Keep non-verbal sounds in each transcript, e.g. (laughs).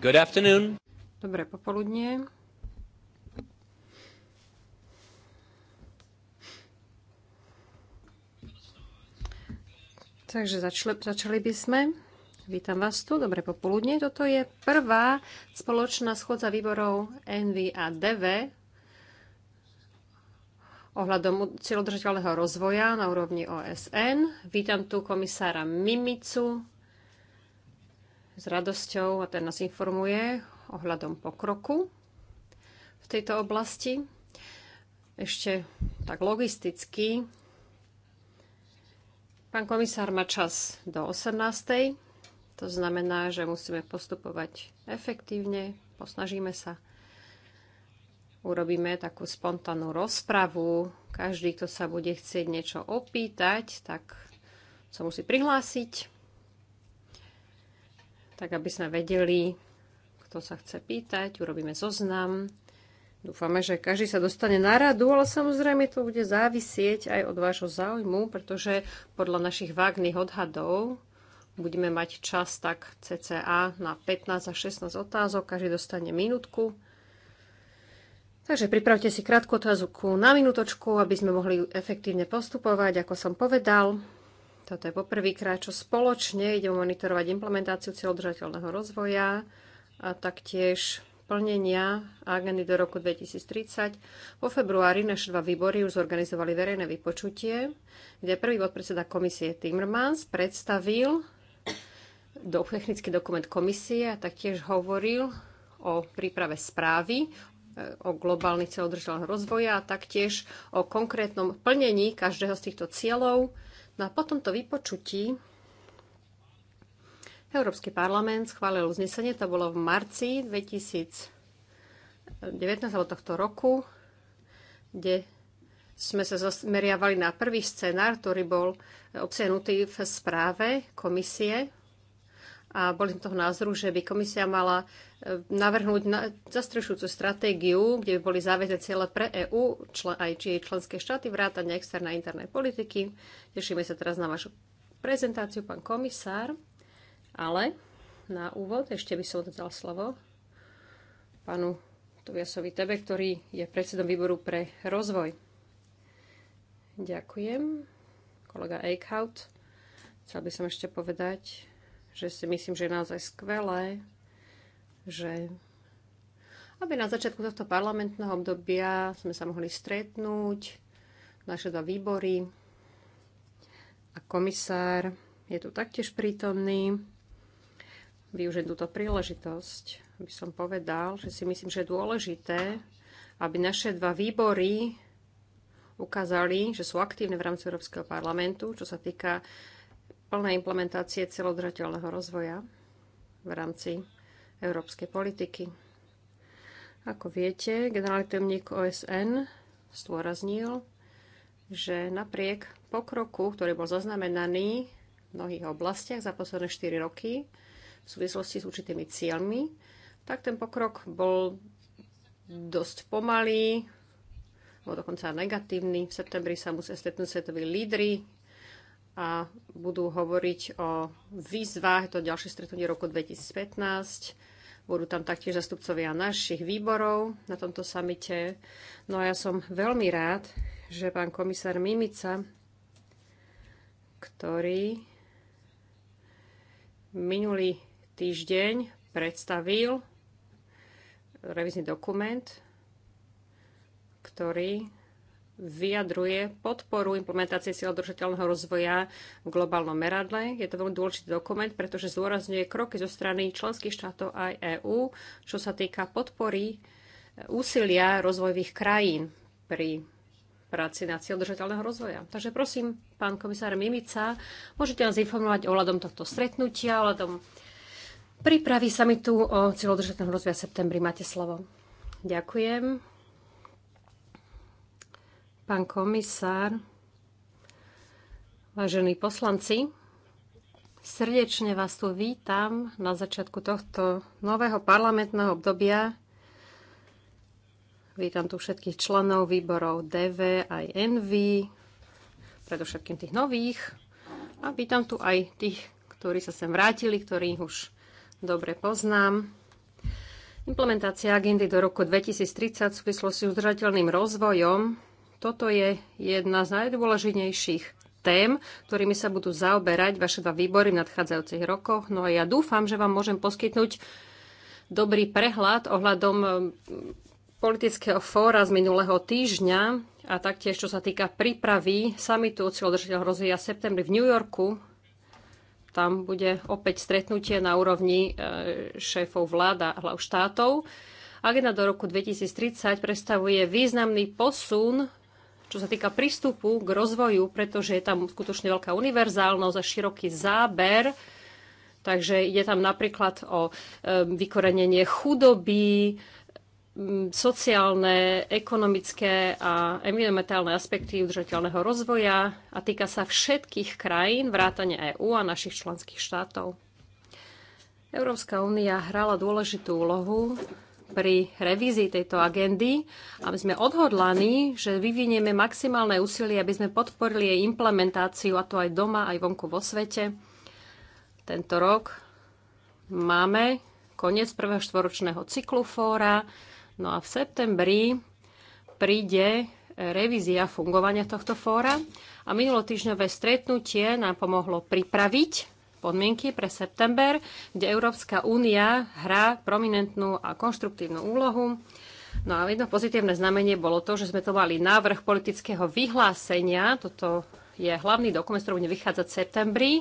Good afternoon. Dobré popoludnie. Takže začali, začali by sme. Vítam vás tu, dobré popoludnie. Toto je prvá spoločná schodza výborov NV a DV ohľadom celodržateľného rozvoja na úrovni OSN. Vítam tu komisára Mimicu, s radosťou a ten nás informuje ohľadom pokroku v tejto oblasti. Ešte tak logisticky. Pán komisár má čas do 18. To znamená, že musíme postupovať efektívne, posnažíme sa. Urobíme takú spontánnu rozpravu. Každý, kto sa bude chcieť niečo opýtať, tak sa musí prihlásiť tak aby sme vedeli, kto sa chce pýtať, urobíme zoznam. Dúfame, že každý sa dostane na radu, ale samozrejme to bude závisieť aj od vášho záujmu, pretože podľa našich vágnych odhadov budeme mať čas tak cca na 15 až 16 otázok, každý dostane minútku. Takže pripravte si krátku otázku na minútočku, aby sme mohli efektívne postupovať, ako som povedal. Toto je poprvýkrát, čo spoločne ide monitorovať implementáciu cieľodržateľného rozvoja a taktiež plnenia agendy do roku 2030. Po februári naše dva výbory už zorganizovali verejné vypočutie, kde prvý podpredseda komisie Timmermans predstavil do, technický dokument komisie a taktiež hovoril o príprave správy e, o globálnych cieľoch rozvoja a taktiež o konkrétnom plnení každého z týchto cieľov No a po tomto vypočutí Európsky parlament schválil uznesenie, to bolo v marci 2019 alebo tohto roku, kde sme sa zmeriavali na prvý scenár, ktorý bol obsiahnutý v správe komisie a boli sme toho názoru, že by komisia mala e, navrhnúť na zastrešujúcu stratégiu, kde by boli záväzné cieľe pre EÚ, aj či jej členské štáty, vrátane externej internej politiky. Tešíme sa teraz na vašu prezentáciu, pán komisár. Ale na úvod ešte by som dodal slovo pánu Tobiasovi Tebe, ktorý je predsedom výboru pre rozvoj. Ďakujem. Kolega Eichhout. Chcel by som ešte povedať, že si myslím, že je naozaj skvelé, že aby na začiatku tohto parlamentného obdobia sme sa mohli stretnúť, naše dva výbory a komisár je tu taktiež prítomný. Využiť túto príležitosť, aby som povedal, že si myslím, že je dôležité, aby naše dva výbory ukázali, že sú aktívne v rámci Európskeho parlamentu, čo sa týka plné implementácie celodržateľného rozvoja v rámci európskej politiky. Ako viete, generálny tajomník OSN stôraznil, že napriek pokroku, ktorý bol zaznamenaný v mnohých oblastiach za posledné 4 roky v súvislosti s určitými cieľmi, tak ten pokrok bol dosť pomalý, bol dokonca negatívny. V septembri sa museli stretnúť svetoví lídry a budú hovoriť o výzvach do ďalšie stretnutie roku 2015. Budú tam taktiež zastupcovia našich výborov na tomto samite. No a ja som veľmi rád, že pán komisár Mimica, ktorý minulý týždeň predstavil revizný dokument, ktorý vyjadruje podporu implementácie cieľ držateľného rozvoja v globálnom meradle. Je to veľmi dôležitý dokument, pretože zdôrazňuje kroky zo strany členských štátov aj EÚ, čo sa týka podpory e, úsilia rozvojových krajín pri práci na cieľ držateľného rozvoja. Takže prosím, pán komisár Mimica, môžete nás informovať ohľadom tohto stretnutia, ohľadom prípravy samitu o cieľodržateľnom rozvoja v septembri. Máte slovo. Ďakujem pán komisár, vážení poslanci, srdečne vás tu vítam na začiatku tohto nového parlamentného obdobia. Vítam tu všetkých členov výborov DV aj NV, predovšetkým tých nových. A vítam tu aj tých, ktorí sa sem vrátili, ktorých už dobre poznám. Implementácia agendy do roku 2030 v súvislosti s udržateľným rozvojom toto je jedna z najdôležitejších tém, ktorými sa budú zaoberať vaše dva výbory v nadchádzajúcich rokoch. No a ja dúfam, že vám môžem poskytnúť dobrý prehľad ohľadom e, politického fóra z minulého týždňa a taktiež, čo sa týka prípravy samitu o cieľodržiteľ rozvíja septembri v New Yorku. Tam bude opäť stretnutie na úrovni e, šéfov vláda a hlav štátov. Agenda do roku 2030 predstavuje významný posun čo sa týka prístupu k rozvoju, pretože je tam skutočne veľká univerzálnosť a široký záber. Takže ide tam napríklad o e, vykorenenie chudoby, sociálne, ekonomické a environmentálne aspekty udržateľného rozvoja a týka sa všetkých krajín, vrátane EÚ a našich členských štátov. Európska únia hrala dôležitú úlohu pri revízii tejto agendy, a sme odhodlaní, že vyvinieme maximálne úsilie, aby sme podporili jej implementáciu, a to aj doma, aj vonku vo svete. Tento rok máme koniec prvého štvoročného cyklu fóra, no a v septembri príde revízia fungovania tohto fóra a minulotýždňové stretnutie nám pomohlo pripraviť podmienky pre september, kde Európska únia hrá prominentnú a konštruktívnu úlohu. No a jedno pozitívne znamenie bolo to, že sme to mali návrh politického vyhlásenia. Toto je hlavný dokument, ktorý bude vychádzať v septembri.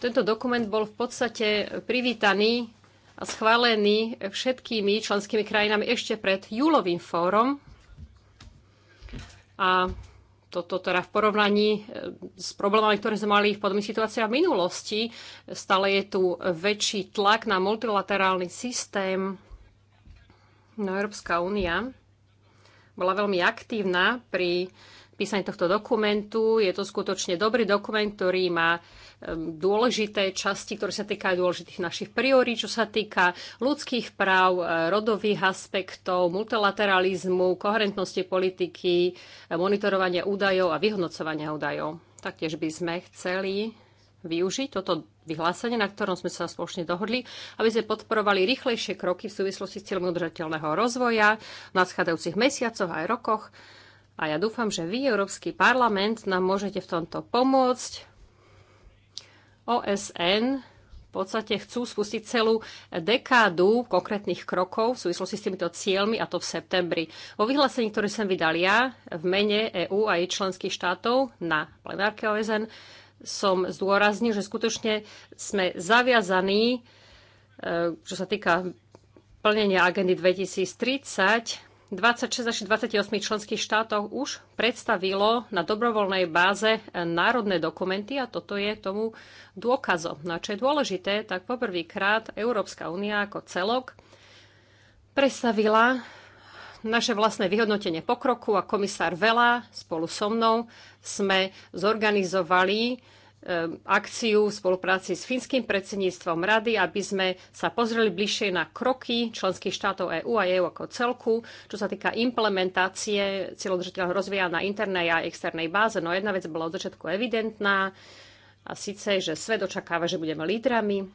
Tento dokument bol v podstate privítaný a schválený všetkými členskými krajinami ešte pred júlovým fórom. A toto teda v porovnaní e, s problémami, ktoré sme mali v podobných situáciách v minulosti, stále je tu väčší tlak na multilaterálny systém. No, Európska únia bola veľmi aktívna pri Písanie tohto dokumentu. Je to skutočne dobrý dokument, ktorý má dôležité časti, ktoré sa týkajú dôležitých našich priorí, čo sa týka ľudských práv, e, rodových aspektov, multilateralizmu, koherentnosti politiky, e, monitorovania údajov a vyhodnocovania údajov. Taktiež by sme chceli využiť toto vyhlásenie, na ktorom sme sa spoločne dohodli, aby sme podporovali rýchlejšie kroky v súvislosti s cieľom udržateľného rozvoja v nadchádzajúcich mesiacoch aj rokoch a ja dúfam, že vy, Európsky parlament, nám môžete v tomto pomôcť. OSN v podstate chcú spustiť celú dekádu konkrétnych krokov v súvislosti s týmito cieľmi a to v septembri. Vo vyhlásení, ktoré som vydal ja v mene EÚ a jej členských štátov na plenárke OSN, som zdôraznil, že skutočne sme zaviazaní, e, čo sa týka plnenia agendy 2030, 26 až 28 členských štátov už predstavilo na dobrovoľnej báze národné dokumenty a toto je tomu dôkazom. No a čo je dôležité, tak poprvýkrát Európska únia ako celok predstavila naše vlastné vyhodnotenie pokroku a komisár Vela spolu so mnou sme zorganizovali Um, akciu v spolupráci s finským predsedníctvom rady, aby sme sa pozreli bližšie na kroky členských štátov EÚ a EÚ ako celku, čo sa týka implementácie cieľodržiteľného rozvíja na internej a externej báze. No jedna vec bola od začiatku evidentná, a síce, že svet očakáva, že budeme lídrami,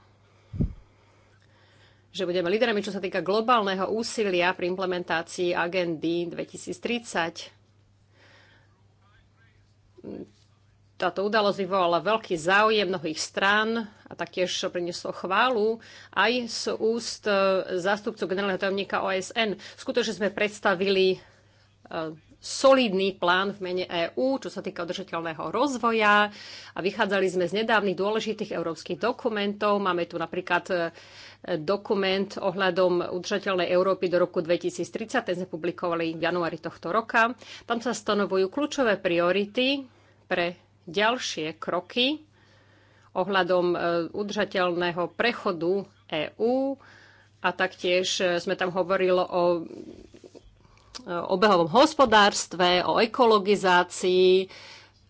že budeme lídrami, čo sa týka globálneho úsilia pri implementácii agendy 2030 táto udalosť vyvolala veľký záujem mnohých strán a taktiež prinieslo chválu aj z úst e, zástupcu generálneho tajomníka OSN. Skutočne sme predstavili e, solidný plán v mene EÚ, čo sa týka udržateľného rozvoja a vychádzali sme z nedávnych dôležitých európskych dokumentov. Máme tu napríklad e, dokument ohľadom udržateľnej Európy do roku 2030, ten sme publikovali v januári tohto roka. Tam sa stanovujú kľúčové priority pre ďalšie kroky ohľadom e, udržateľného prechodu EÚ a taktiež e, sme tam hovorili o e, obehovom hospodárstve, o ekologizácii,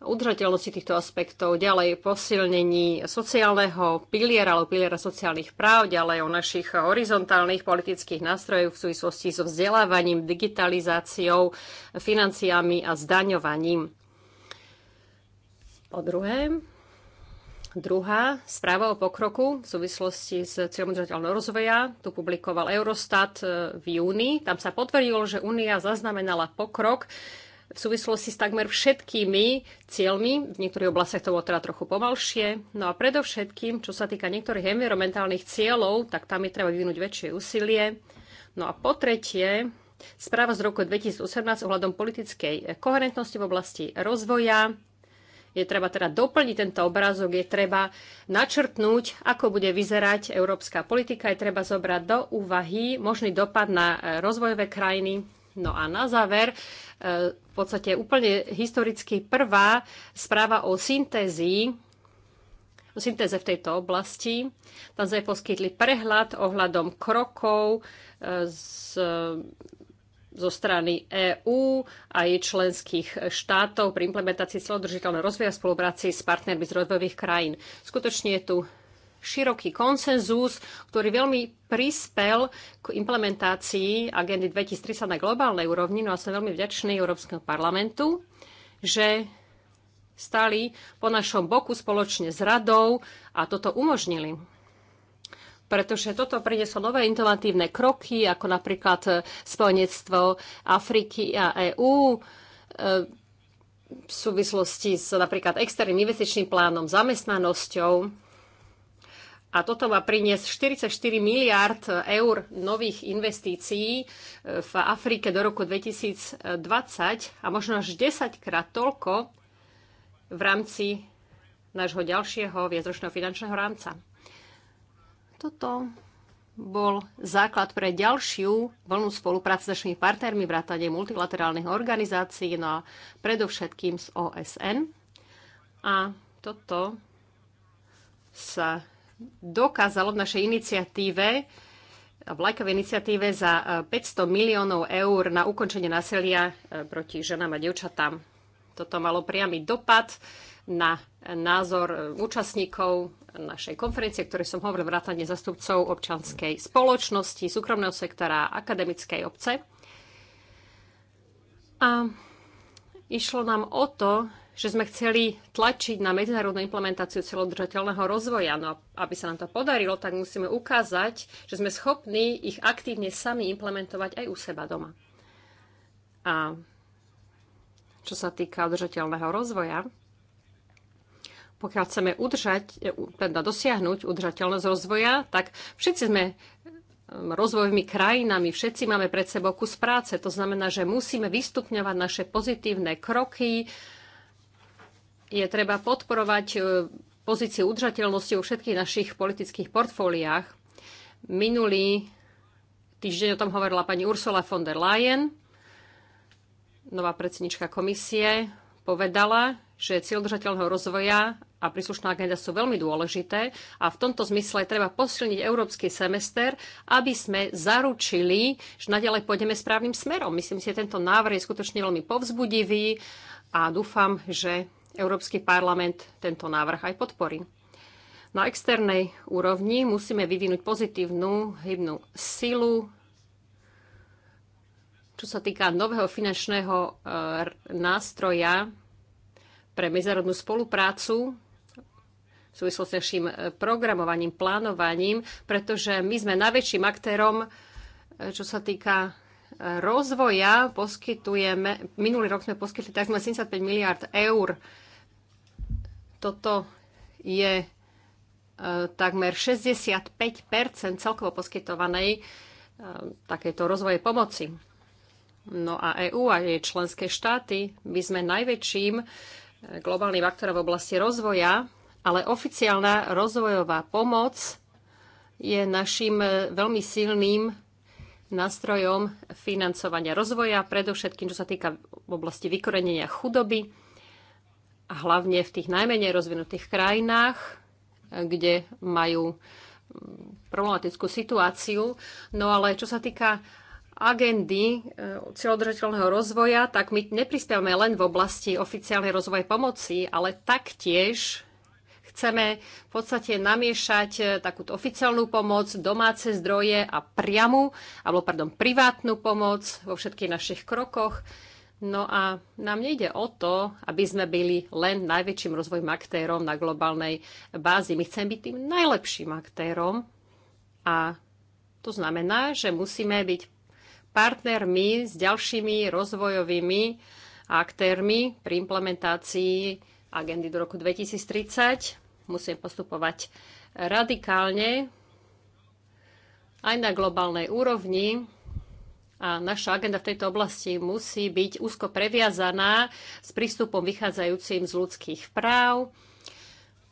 udržateľnosti týchto aspektov, ďalej posilnení sociálneho piliera alebo piliera sociálnych práv, ďalej o našich horizontálnych politických nástrojoch v súvislosti so vzdelávaním, digitalizáciou, financiami a zdaňovaním. Po druhé, druhá správa o pokroku v súvislosti s cieľom udržateľného rozvoja. Tu publikoval Eurostat e, v júni. Tam sa potvrdilo, že Únia zaznamenala pokrok v súvislosti s takmer všetkými cieľmi. V niektorých oblastiach to bolo teda trochu pomalšie. No a predovšetkým, čo sa týka niektorých environmentálnych cieľov, tak tam je treba vyvinúť väčšie úsilie. No a po tretie, správa z roku 2018 ohľadom politickej koherentnosti v oblasti rozvoja. Je treba teda doplniť tento obrázok, je treba načrtnúť, ako bude vyzerať európska politika, je treba zobrať do úvahy možný dopad na e, rozvojové krajiny. No a na záver, e, v podstate úplne historicky prvá správa o syntézii o syntéze v tejto oblasti. Tam sme poskytli prehľad ohľadom krokov e, z zo strany EÚ a jej členských štátov pri implementácii celodržiteľného rozvoja v spolupráci s partnermi z rozvojových krajín. Skutočne je tu široký konsenzus, ktorý veľmi prispel k implementácii agendy 2030 na globálnej úrovni. No a som veľmi vďačný Európskeho parlamentu, že stali po našom boku spoločne s radou a toto umožnili pretože toto prinieslo nové inovatívne kroky, ako napríklad e, spojenectvo Afriky a EÚ e, v súvislosti s napríklad externým investičným plánom, zamestnanosťou. A toto má priniesť 44 miliard eur nových investícií e, v Afrike do roku 2020 a možno až 10 krát toľko v rámci nášho ďalšieho viacročného finančného rámca. Toto bol základ pre ďalšiu vlnu spolupráce s našimi partnermi, vrátane multilaterálnych organizácií, no a predovšetkým s OSN. A toto sa dokázalo v našej iniciatíve, lajkovej iniciatíve za 500 eh, miliónov eur na ukončenie násilia eh, proti ženám a devčatám. Toto malo priamy dopad na názor e, účastníkov našej konferencie, ktoré som hovoril vrátane zastupcov občanskej spoločnosti, súkromného sektora, akademickej obce. A išlo nám o to, že sme chceli tlačiť na medzinárodnú implementáciu celodržateľného rozvoja. No aby sa nám to podarilo, tak musíme ukázať, že sme schopní ich aktívne sami implementovať aj u seba doma. A čo sa týka udržateľného rozvoja, pokiaľ chceme udržať, e, teda dosiahnuť udržateľnosť rozvoja, tak všetci sme um, rozvojovými krajinami, všetci máme pred sebou kus práce. To znamená, že musíme vystupňovať naše pozitívne kroky, je treba podporovať e, pozíciu udržateľnosti vo všetkých našich politických portfóliách. Minulý týždeň o tom hovorila pani Ursula von der Leyen, nová predsednička komisie, povedala, že cieľ udržateľného rozvoja a príslušná agenda sú veľmi dôležité a v tomto zmysle treba posilniť európsky semester, aby sme zaručili, že naďalej pôjdeme správnym smerom. Myslím si, že tento návrh je skutočne veľmi povzbudivý a dúfam, že Európsky parlament tento návrh aj podporí. Na externej úrovni musíme vyvinúť pozitívnu hybnú silu, čo sa týka nového finančného e, nástroja pre medzinárodnú spoluprácu, v súvislosti s našim e, programovaním, plánovaním, pretože my sme najväčším aktérom, e, čo sa týka e, rozvoja, poskytujeme, minulý rok sme poskytli takmer 75 miliard eur. Toto je takmer 65 celkovo poskytovanej takéto rozvoje pomoci. No a EÚ a jej členské štáty my sme najväčším globálnym aktorom v oblasti rozvoja ale oficiálna rozvojová pomoc je našim e, veľmi silným nástrojom financovania rozvoja, predovšetkým čo sa týka v oblasti vykorenenia chudoby a hlavne v tých najmenej rozvinutých krajinách, e, kde majú problematickú situáciu. No ale čo sa týka agendy e, cieľodržateľného rozvoja, tak my neprispievame len v oblasti oficiálnej rozvoje pomoci, ale taktiež Chceme v podstate namiešať eh, takúto oficiálnu pomoc, domáce zdroje a priamu, alebo pardon, privátnu pomoc vo všetkých našich krokoch. No a nám nejde o to, aby sme byli len najväčším rozvojom aktérom na globálnej bázi. My chceme byť tým najlepším aktérom a to znamená, že musíme byť partnermi s ďalšími rozvojovými aktérmi pri implementácii agendy do roku 2030. Musíme postupovať radikálne aj na globálnej úrovni a naša agenda v tejto oblasti musí byť úzko previazaná s prístupom vychádzajúcim z ľudských práv.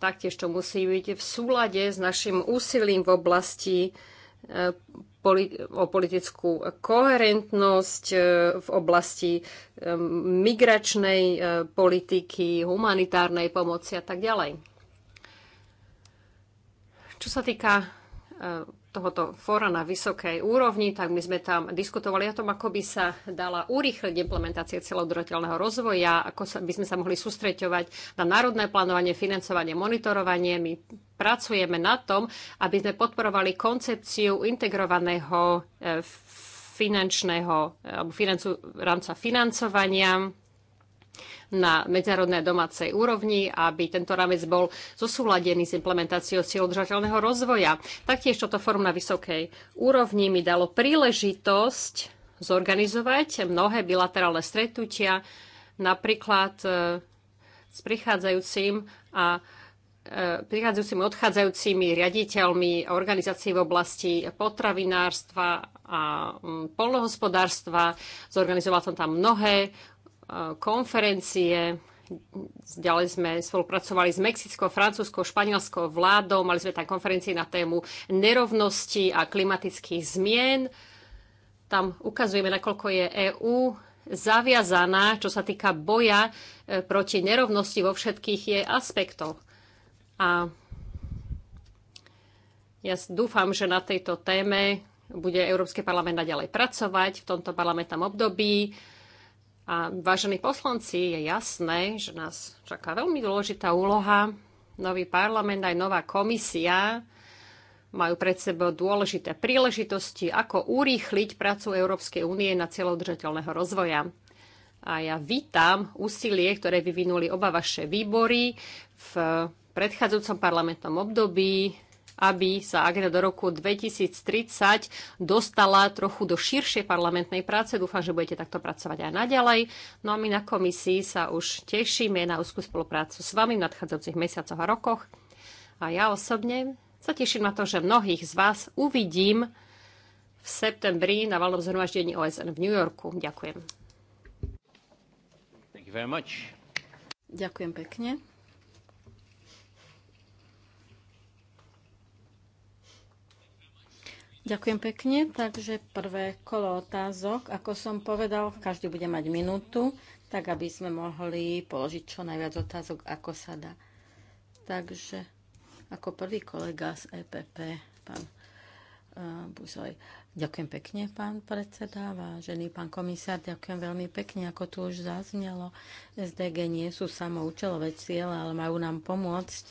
Taktiež to musí byť v súlade s našim úsilím v oblasti e, o politickú koherentnosť e, v oblasti e, migračnej politiky, humanitárnej pomoci a tak ďalej. Čo sa týka e, tohoto fóra na vysokej úrovni, tak my sme tam diskutovali o tom, ako by sa dala urýchliť implementácia celododateľného rozvoja, ako sa, by sme sa mohli sústreťovať na národné plánovanie, financovanie, monitorovanie. My pracujeme na tom, aby sme podporovali koncepciu integrovaného e, finančného alebo financu, rámca financovania na medzinárodnej domácej úrovni, aby tento rámec bol zosúladený s implementáciou cieľov udržateľného rozvoja. Taktiež toto fórum na vysokej úrovni mi dalo príležitosť zorganizovať mnohé bilaterálne stretnutia, napríklad e, s prichádzajúcim a e, prichádzajúcimi odchádzajúcimi riaditeľmi organizácií v oblasti potravinárstva a mm, polnohospodárstva. Zorganizoval som tam mnohé E, konferencie. Ďalej sme spolupracovali s Mexickou, Francúzskou, Španielskou vládou. Mali sme tam konferencie na tému nerovnosti a klimatických zmien. Tam ukazujeme, nakoľko je EÚ zaviazaná, čo sa týka boja e, proti nerovnosti vo všetkých jej aspektoch. A ja dúfam, že na tejto téme bude Európsky parlament naďalej pracovať v tomto parlamentnom období. A vážení poslanci, je jasné, že nás čaká veľmi dôležitá úloha. Nový parlament aj nová komisia majú pred sebou dôležité príležitosti, ako urýchliť prácu Európskej únie na cieľodržateľného rozvoja. A ja vítam úsilie, ktoré vyvinuli oba vaše výbory v predchádzajúcom parlamentnom období aby sa agenda do roku 2030 dostala trochu do širšej parlamentnej práce. Dúfam, že budete takto pracovať aj naďalej. No a my na komisii sa už tešíme na úzkú spoluprácu s vami v nadchádzajúcich mesiacoch a rokoch. A ja osobne sa teším na to, že mnohých z vás uvidím v septembri na valnom zhromaždení OSN v New Yorku. Ďakujem. Ďakujem pekne. Ďakujem pekne. Takže prvé kolo otázok. Ako som povedal, každý bude mať minútu, tak aby sme mohli položiť čo najviac otázok, ako sa dá. Takže ako prvý kolega z EPP, pán eh, Buzoj. Ďakujem pekne, pán predseda, vážený pán komisár, ďakujem veľmi pekne, ako tu už zaznelo. SDG nie sú samoučelové ciele, ale majú nám pomôcť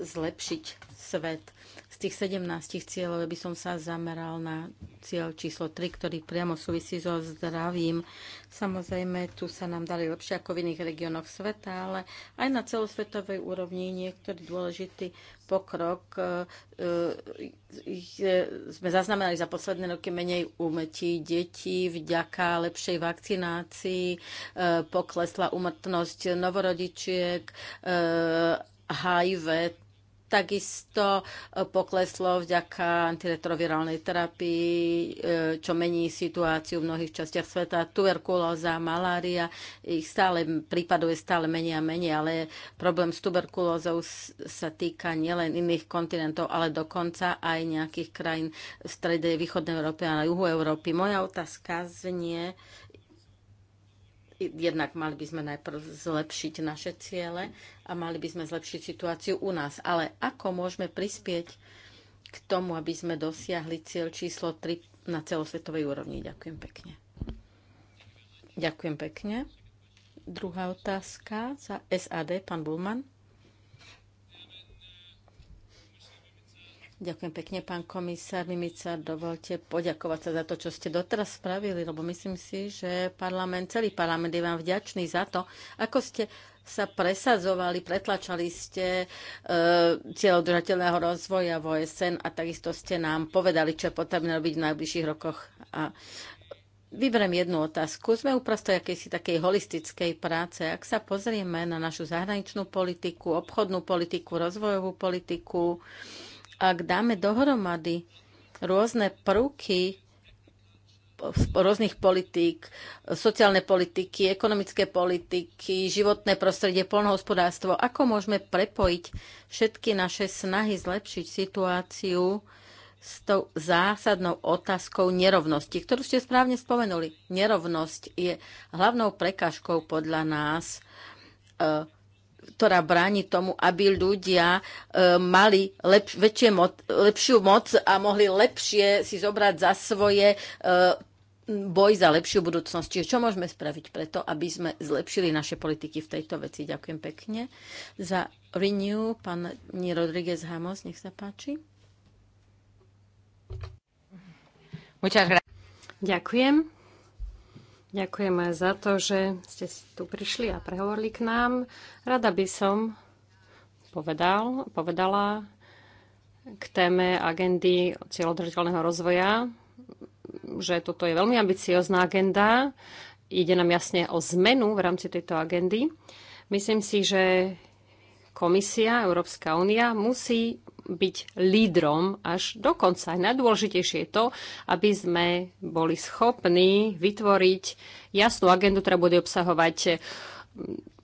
zlepšiť svet. Z tých 17 cieľov by som sa zameral na cieľ číslo 3, ktorý priamo súvisí so zdravím. Samozrejme, tu sa nám dali lepšie ako v iných regiónoch sveta, ale aj na celosvetovej úrovni niektorý dôležitý pokrok e, e, sme zaznamenali za posledné roky menej úmetí detí vďaka lepšej vakcinácii, e, poklesla umrtnosť novorodičiek HIV takisto e, pokleslo vďaka antiretrovirálnej terapii, e, čo mení situáciu v mnohých častiach sveta. Tuberkulóza, malária, ich stále, prípadov je stále menej a menej, ale problém s tuberkulózou sa týka nielen iných kontinentov, ale dokonca aj nejakých krajín v strede východnej Európy a na juhu Európy. Moja otázka znie, jednak mali by sme najprv zlepšiť naše ciele a mali by sme zlepšiť situáciu u nás. Ale ako môžeme prispieť k tomu, aby sme dosiahli cieľ číslo 3 na celosvetovej úrovni? Ďakujem pekne. Ďakujem pekne. Druhá otázka za SAD, pán Bulman. Ďakujem pekne, pán komisár Mimica. Dovolte poďakovať sa za to, čo ste doteraz spravili, lebo myslím si, že parlament, celý parlament je vám vďačný za to, ako ste sa presazovali, pretlačali ste e, cieľ udržateľného rozvoja v OSN a takisto ste nám povedali, čo je potrebné robiť v najbližších rokoch. A Vyberiem jednu otázku. Sme uprostred akejsi takej holistickej práce. Ak sa pozrieme na našu zahraničnú politiku, obchodnú politiku, rozvojovú politiku, ak dáme dohromady rôzne prvky rôznych politík, sociálne politiky, ekonomické politiky, životné prostredie, polnohospodárstvo, ako môžeme prepojiť všetky naše snahy zlepšiť situáciu s tou zásadnou otázkou nerovnosti, ktorú ste správne spomenuli. Nerovnosť je hlavnou prekážkou podľa nás e, ktorá bráni tomu, aby ľudia e, mali lep, väčšie moc, lepšiu moc a mohli lepšie si zobrať za svoje e, boj za lepšiu budúcnosť. Čiže čo môžeme spraviť preto, aby sme zlepšili naše politiky v tejto veci? Ďakujem pekne. Za Renew, pán Rodríguez Hamos, nech sa páči. Ďakujem aj za to, že ste tu prišli a prehovorili k nám. Rada by som povedal, povedala k téme agendy cieľodržateľného rozvoja, že toto je veľmi ambiciozná agenda. Ide nám jasne o zmenu v rámci tejto agendy. Myslím si, že Komisia, Európska únia musí byť lídrom až do konca. Najdôležitejšie je to, aby sme boli schopní vytvoriť jasnú agendu, ktorá bude obsahovať eh,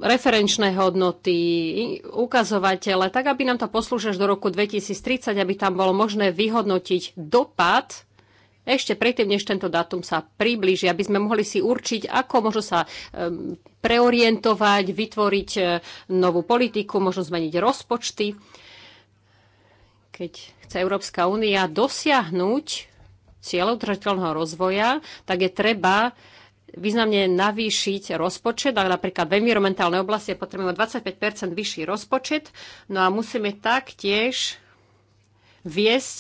referenčné hodnoty, ukazovatele, tak aby nám to poslúžilo do roku 2030, aby tam bolo možné vyhodnotiť dopad ešte predtým, než tento dátum sa priblíži, aby sme mohli si určiť, ako možno sa preorientovať, vytvoriť e, novú politiku, možno zmeniť rozpočty. Keď chce Európska únia dosiahnuť cieľov držateľného rozvoja, tak je treba významne navýšiť rozpočet, ale napríklad v environmentálnej oblasti potrebujeme 25 vyšší rozpočet, no a musíme taktiež viesť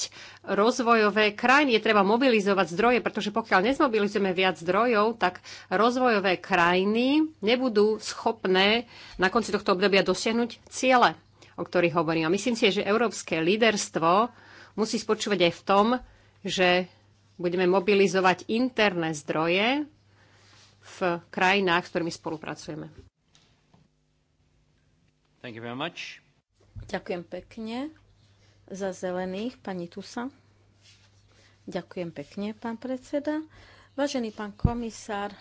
rozvojové krajiny. Je treba mobilizovať zdroje, pretože pokiaľ nezmobilizujeme viac zdrojov, tak rozvojové krajiny nebudú schopné na konci tohto obdobia dosiahnuť ciele, o ktorých hovorím. A myslím si, že európske líderstvo musí spočúvať aj v tom, že budeme mobilizovať interné zdroje v krajinách, s ktorými spolupracujeme. Ďakujem pekne za zelených, pani Tusa. Ďakujem pekne, pán predseda. Vážený pán komisár,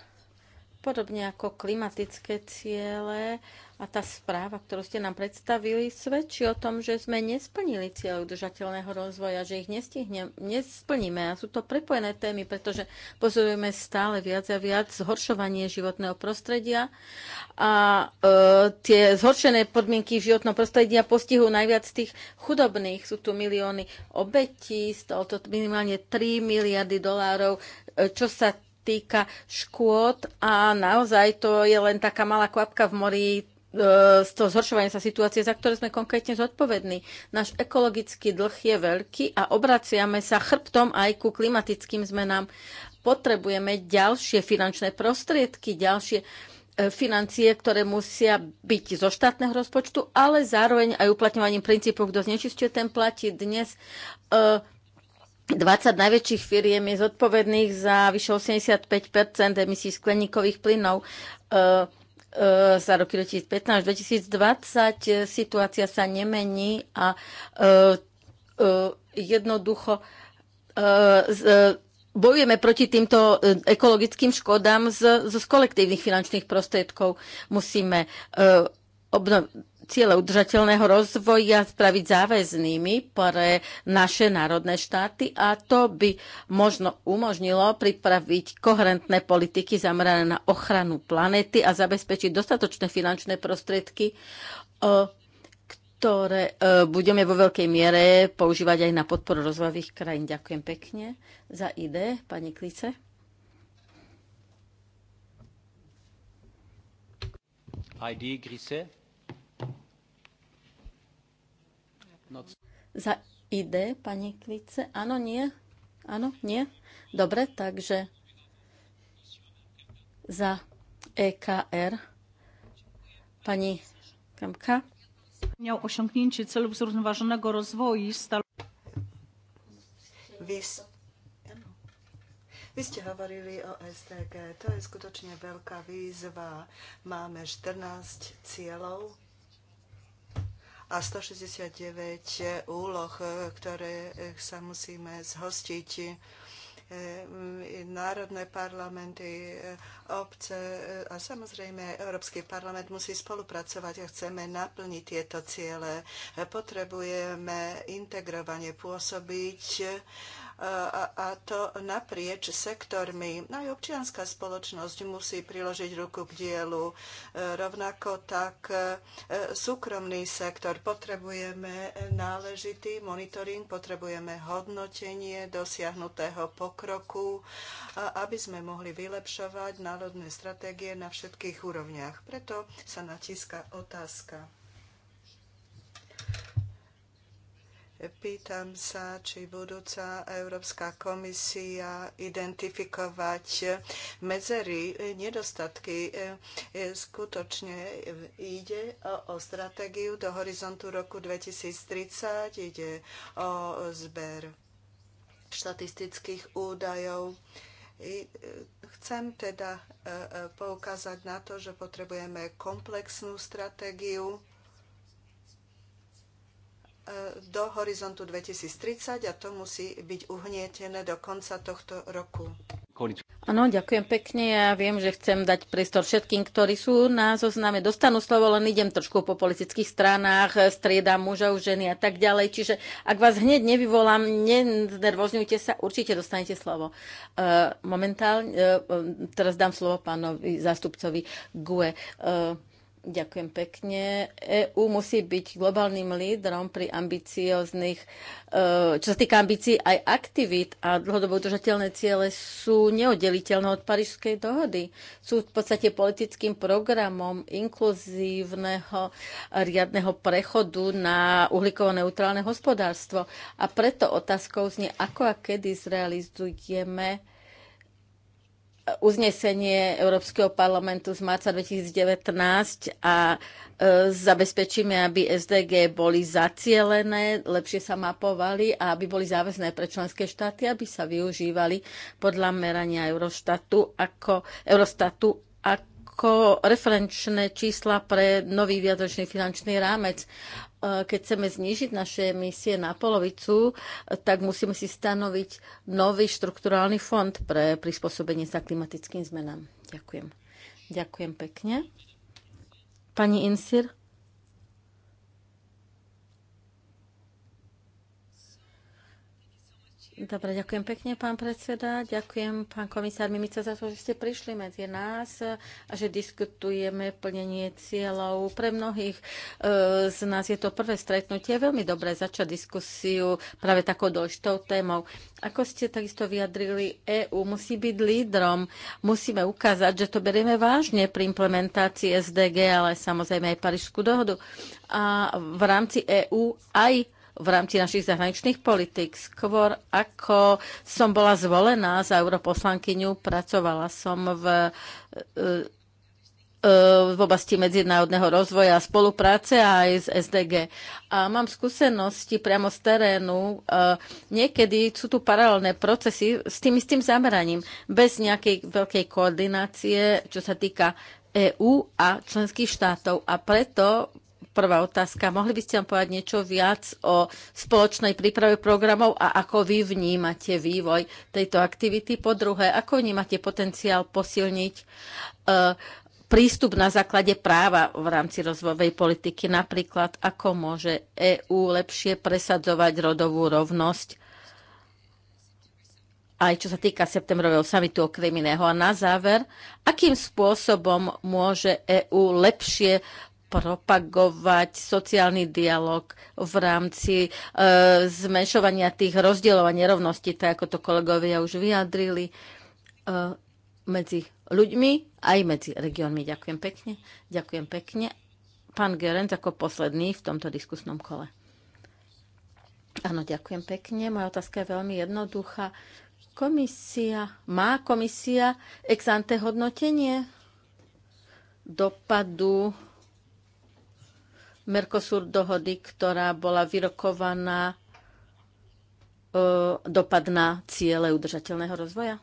podobne ako klimatické ciele a tá správa, ktorú ste nám predstavili, svedčí o tom, že sme nesplnili cieľ udržateľného rozvoja, že ich nestihne, nesplníme. A sú to prepojené témy, pretože pozorujeme stále viac a viac zhoršovanie životného prostredia a e, tie zhoršené podmienky životného prostredia postihujú najviac tých chudobných. Sú tu milióny obetí, stalo to minimálne 3 miliardy dolárov, e, čo sa týka škôd a naozaj to je len taká malá kvapka v mori e, z toho zhoršovania sa situácie, za ktoré sme konkrétne zodpovední. Náš ekologický dlh je veľký a obraciame sa chrbtom aj ku klimatickým zmenám. Potrebujeme ďalšie finančné prostriedky, ďalšie e, financie, ktoré musia byť zo štátneho rozpočtu, ale zároveň aj uplatňovaním princípov, kto znečistuje, ten platí dnes. E, 20 najväčších firiem je zodpovedných za vyše 85 emisí skleníkových plynov. E, e, za roky 2015-2020 e, situácia sa nemení a e, e jednoducho e, z, bojujeme proti týmto ekologickým škodám z, z kolektívnych finančných prostriedkov. Musíme obnov, ciele udržateľného rozvoja spraviť záväznými pre naše národné štáty a to by možno umožnilo pripraviť koherentné politiky zamerané na ochranu planéty a zabezpečiť dostatočné finančné prostriedky, ktoré e, budeme vo veľkej miere používať aj na podporu rozvojových krajín. Ďakujem pekne za ide, pani Klice. ID Grise. Not... Za ID, pani Klice? Áno, nie? Áno, nie? Dobre, takže za EKR pani Kamka. Miał osiągnięcie celów zrównoważonego rozwoju stal... Vy, vy ste hovorili o SDG. To je skutočne veľká výzva. Máme 14 cieľov a 169 úloh, ktoré sa musíme zhostiť e, národné parlamenty, obce e, a samozrejme Európsky parlament musí spolupracovať a chceme naplniť tieto ciele. E, potrebujeme integrovanie pôsobiť e, a to naprieč sektormi. No aj občianská spoločnosť musí priložiť ruku k dielu. Rovnako tak súkromný sektor. Potrebujeme náležitý monitoring, potrebujeme hodnotenie dosiahnutého pokroku, aby sme mohli vylepšovať náležitý národné stratégie na všetkých úrovniach. Preto sa natíska otázka. Pýtam sa, či budúca Európska komisia identifikovať medzery, nedostatky. E, skutočne ide o, stratégiu do horizontu roku 2030, ide o zber štatistických údajov e, Chcem teda e, e, poukázať na to, že potrebujeme komplexnú stratégiu e, do horizontu 2030 a to musí byť uhnietené do konca tohto roku. Áno, ďakujem pekne. Ja viem, že chcem dať priestor všetkým, ktorí sú na zozname. Dostanú slovo, len idem trošku po politických stranách, striedam mužov, ženy a tak ďalej. Čiže ak vás hneď nevyvolám, nenervozňujte sa, určite dostanete slovo. E, momentálne, e, e, teraz dám slovo pánovi zástupcovi GUE. Ďakujem pekne. EÚ musí byť globálnym lídrom pri ambicióznych, e, čo sa týka ambícií aj aktivít a dlhodobo udržateľné ciele sú neoddeliteľné od Parížskej dohody. Sú v podstate politickým programom inkluzívneho riadneho prechodu na uhlíkovo-neutrálne hospodárstvo. A preto otázkou znie, ako a kedy zrealizujeme uznesenie Európskeho parlamentu z marca 2019 a e, zabezpečíme, aby SDG boli zacielené, lepšie sa mapovali a aby boli záväzné pre členské štáty, aby sa využívali podľa merania Eurostatu ako, Eurostatu ako referenčné čísla pre nový viadočný finančný rámec. Eh, keď chceme znížiť naše emisie na polovicu, eh, tak musíme si stanoviť nový štrukturálny fond pre prispôsobenie sa klimatickým zmenám. Ďakujem. Ďakujem pekne. Pani Insir? Dobre, ďakujem pekne, pán predseda. Ďakujem, pán komisár Mimica, za to, že ste prišli medzi nás a že diskutujeme plnenie cieľov. Pre mnohých e, z nás je to prvé stretnutie. Je veľmi dobré začať diskusiu práve takou dôležitou témou. Ako ste takisto vyjadrili, EÚ musí byť lídrom. Musíme ukázať, že to berieme vážne pri implementácii SDG, ale samozrejme aj Parížskú dohodu. A v rámci EÚ aj v rámci našich zahraničných politik. Skôr ako som bola zvolená za europoslankyňu, pracovala som v e, e, v oblasti medzinárodného rozvoja a spolupráce aj z SDG. A mám skúsenosti priamo z terénu. E, niekedy sú tu paralelné procesy s tým istým zameraním, bez nejakej veľkej koordinácie, čo sa týka EÚ a členských štátov. A preto prvá otázka. Mohli by ste nám povedať niečo viac o spoločnej príprave programov a ako vy vnímate vývoj tejto aktivity? Po druhé, ako vnímate potenciál posilniť e, prístup na základe práva v rámci rozvojovej politiky? Napríklad, ako môže EÚ lepšie presadzovať rodovú rovnosť? aj čo sa týka septembrového samitu okrem iného. A na záver, akým spôsobom môže EÚ lepšie propagovať sociálny dialog v rámci e, zmenšovania tých rozdielov a nerovností, tak ako to kolegovia už vyjadrili, e, medzi ľuďmi aj medzi regiónmi. Ďakujem pekne. Ďakujem pekne. Pán Gerenc ako posledný v tomto diskusnom kole. Áno, ďakujem pekne. Moja otázka je veľmi jednoduchá. Komisia, má komisia ex ante hodnotenie dopadu Mercosur dohody, ktorá bola vyrokovaná e, dopad na ciele udržateľného rozvoja?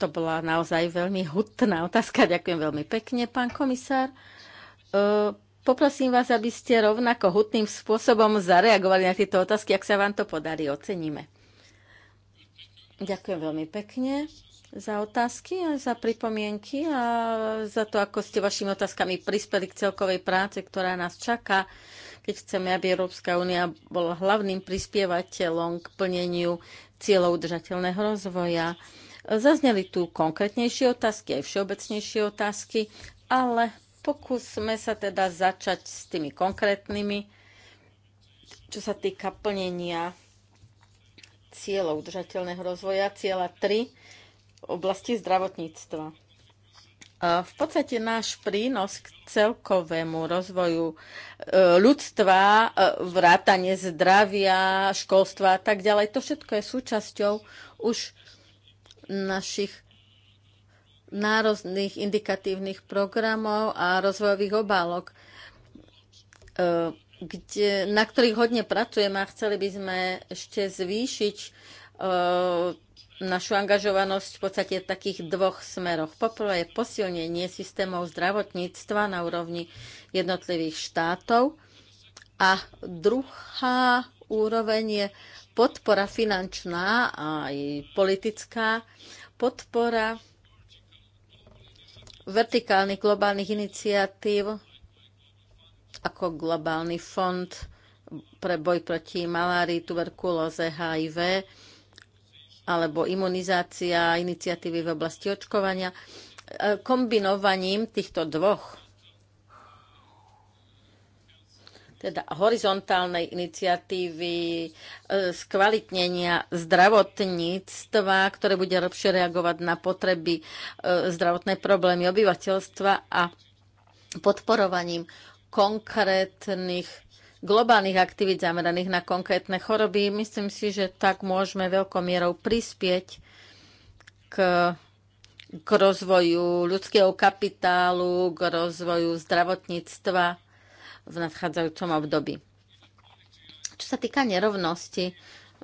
To bola naozaj veľmi hutná otázka. Ďakujem veľmi pekne, pán komisár. E, poprosím vás, aby ste rovnako hutným spôsobom zareagovali na tieto otázky, ak sa vám to podarí, oceníme. Ďakujem veľmi pekne za otázky a za pripomienky a za to, ako ste vašimi otázkami prispeli k celkovej práce, ktorá nás čaká, keď chceme, aby Európska únia bola hlavným prispievateľom k plneniu cieľov udržateľného rozvoja. Zazneli tu konkrétnejšie otázky, aj všeobecnejšie otázky, ale pokúsme sa teda začať s tými konkrétnymi, čo sa týka plnenia cieľov udržateľného rozvoja, cieľa 3 oblasti zdravotníctva. V podstate náš prínos k celkovému rozvoju e, ľudstva, e, vrátanie zdravia, školstva a tak ďalej, to všetko je súčasťou už našich národných indikatívnych programov a rozvojových obálok, e, kde, na ktorých hodne pracujeme a chceli by sme ešte zvýšiť Ehm, našu angažovanosť v podstate v takých dvoch smeroch. Poprvé je posilnenie systémov zdravotníctva na úrovni jednotlivých štátov a druhá úroveň je podpora finančná a aj politická, podpora vertikálnych globálnych iniciatív ako globálny fond pre boj proti malárii, tuberkulóze, HIV, alebo imunizácia iniciatívy v oblasti očkovania. E, kombinovaním týchto dvoch, teda horizontálnej iniciatívy, e, skvalitnenia zdravotníctva, ktoré bude lepšie reagovať na potreby e, zdravotné problémy obyvateľstva a podporovaním konkrétnych globálnych aktivít zameraných na konkrétne choroby. Myslím si, že tak môžeme veľkou mierou prispieť k, k rozvoju ľudského kapitálu, k rozvoju zdravotníctva v nadchádzajúcom období. Čo sa týka nerovnosti,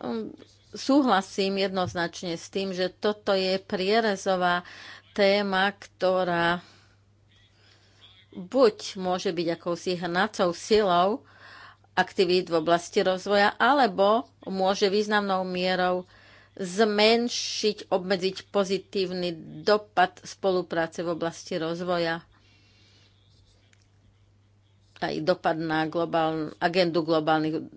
um, súhlasím jednoznačne s tým, že toto je prierezová téma, ktorá buď môže byť akousi hnacou silou aktivít v oblasti rozvoja, alebo môže významnou mierou zmenšiť, obmedziť pozitívny dopad spolupráce v oblasti rozvoja aj dopad na globálnu, agendu globálnych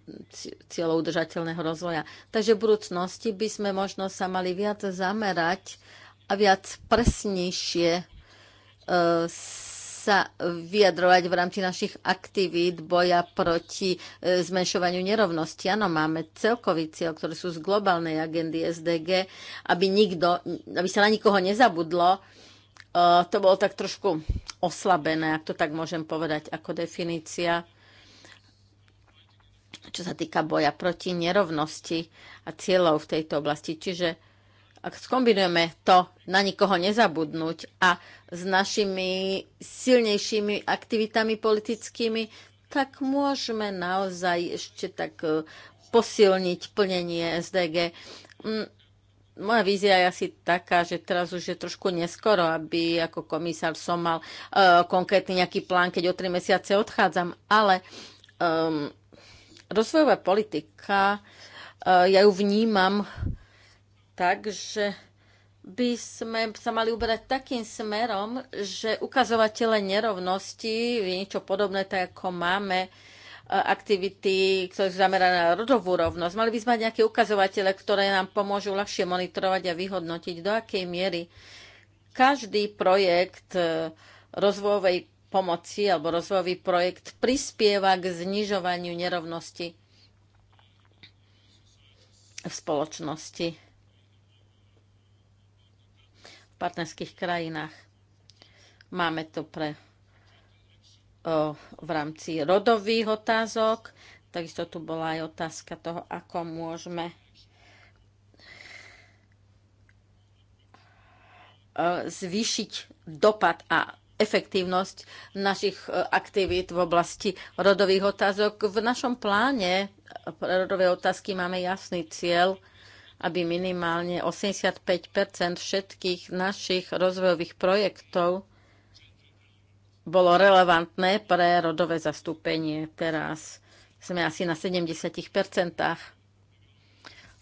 cieľov udržateľného rozvoja. Takže v budúcnosti by sme možno sa mali viac zamerať a viac presnejšie e, sa vyjadrovať v rámci našich aktivít boja proti e, zmenšovaniu nerovnosti. Áno, máme celkový cieľ, ktoré sú z globálnej agendy SDG, aby, nikto, aby sa na nikoho nezabudlo. E, to bolo tak trošku oslabené, ak to tak môžem povedať, ako definícia čo sa týka boja proti nerovnosti a cieľov v tejto oblasti. Čiže ak skombinujeme to na nikoho nezabudnúť a s našimi silnejšími aktivitami politickými, tak môžeme naozaj ešte tak e, posilniť plnenie SDG. Mm, moja vízia je asi taká, že teraz už je trošku neskoro, aby ako komisár som mal e, konkrétny nejaký plán, keď o tri mesiace odchádzam, ale rozvojová politika, uh, ja ju vnímam Takže by sme sa mali uberať takým smerom, že ukazovatele nerovnosti je niečo podobné, tak ako máme e, aktivity, ktoré sú zamerané na rodovú rovnosť. Mali by sme mať nejaké ukazovatele, ktoré nám pomôžu ľahšie monitorovať a vyhodnotiť, do akej miery každý projekt e, rozvojovej pomoci alebo rozvojový projekt prispieva k znižovaniu nerovnosti v spoločnosti partnerských krajinách. Máme to pre o, v rámci rodových otázok. Takisto tu bola aj otázka toho, ako môžeme zvýšiť dopad a efektívnosť našich aktivít v oblasti rodových otázok. V našom pláne pre rodové otázky máme jasný cieľ aby minimálne 85 všetkých našich rozvojových projektov bolo relevantné pre rodové zastúpenie. Teraz sme asi na 70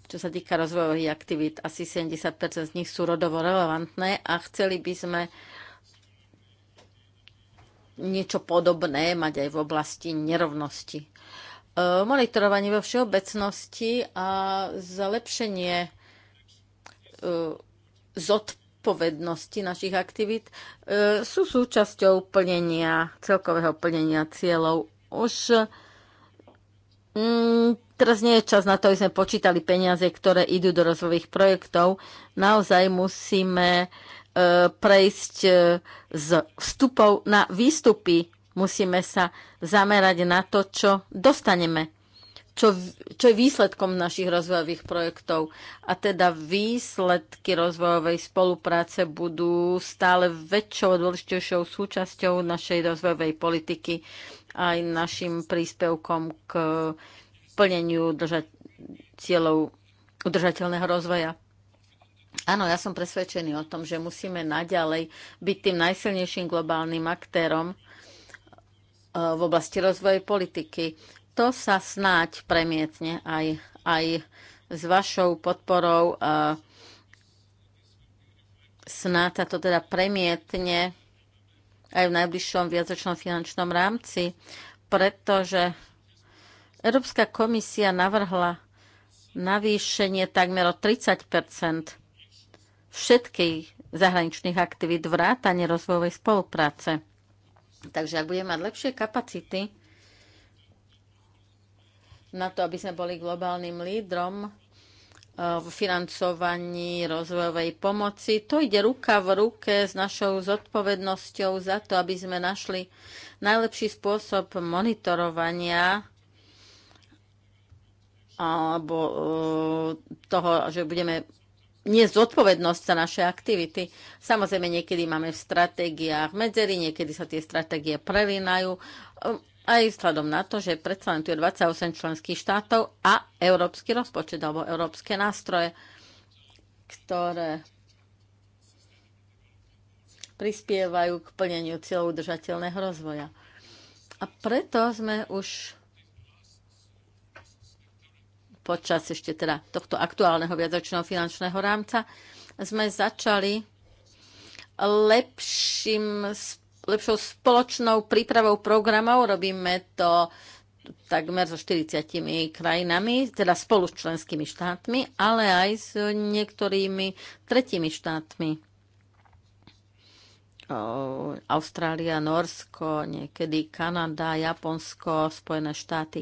čo sa týka rozvojových aktivít. Asi 70 z nich sú rodovo relevantné a chceli by sme niečo podobné mať aj v oblasti nerovnosti E, monitorovanie vo všeobecnosti a zlepšenie e, zodpovednosti našich aktivít e, sú súčasťou plnenia, celkového plnenia cieľov. Už mm, teraz nie je čas na to, aby sme počítali peniaze, ktoré idú do rozvojových projektov. Naozaj musíme prejsť z vstupov na výstupy Musíme sa zamerať na to, čo dostaneme, čo, čo je výsledkom našich rozvojových projektov. A teda výsledky rozvojovej spolupráce budú stále väčšou, dôležitejšou súčasťou našej rozvojovej politiky aj našim príspevkom k plneniu držať, cieľov udržateľného rozvoja. Áno, ja som presvedčený o tom, že musíme naďalej byť tým najsilnejším globálnym aktérom E, v oblasti rozvoje politiky. To sa snáď premietne aj, aj s vašou podporou. E, snáď sa to teda premietne aj v najbližšom viacročnom finančnom rámci, pretože Európska komisia navrhla navýšenie takmer o 30 všetkých zahraničných aktivít vrátane rozvojovej spolupráce. Takže ak budeme mať lepšie kapacity na to, aby sme boli globálnym lídrom eh, v financovaní rozvojovej pomoci, to ide ruka v ruke s našou zodpovednosťou za to, aby sme našli najlepší spôsob monitorovania alebo eh, toho, že budeme nezodpovednosť za naše aktivity. Samozrejme, niekedy máme v stratégiách medzery, niekedy sa tie stratégie prelínajú. Ehm, aj vzhľadom na to, že predsa len tu je 28 členských štátov a európsky rozpočet alebo európske nástroje, ktoré prispievajú k plneniu cieľov udržateľného rozvoja. A preto sme už počas ešte teda tohto aktuálneho viacročného finančného rámca sme začali lepším, lepšou spoločnou prípravou programov. Robíme to takmer so 40 krajinami, teda spolu s členskými štátmi, ale aj s niektorými tretími štátmi. Austrália, Norsko, niekedy Kanada, Japonsko, Spojené štáty.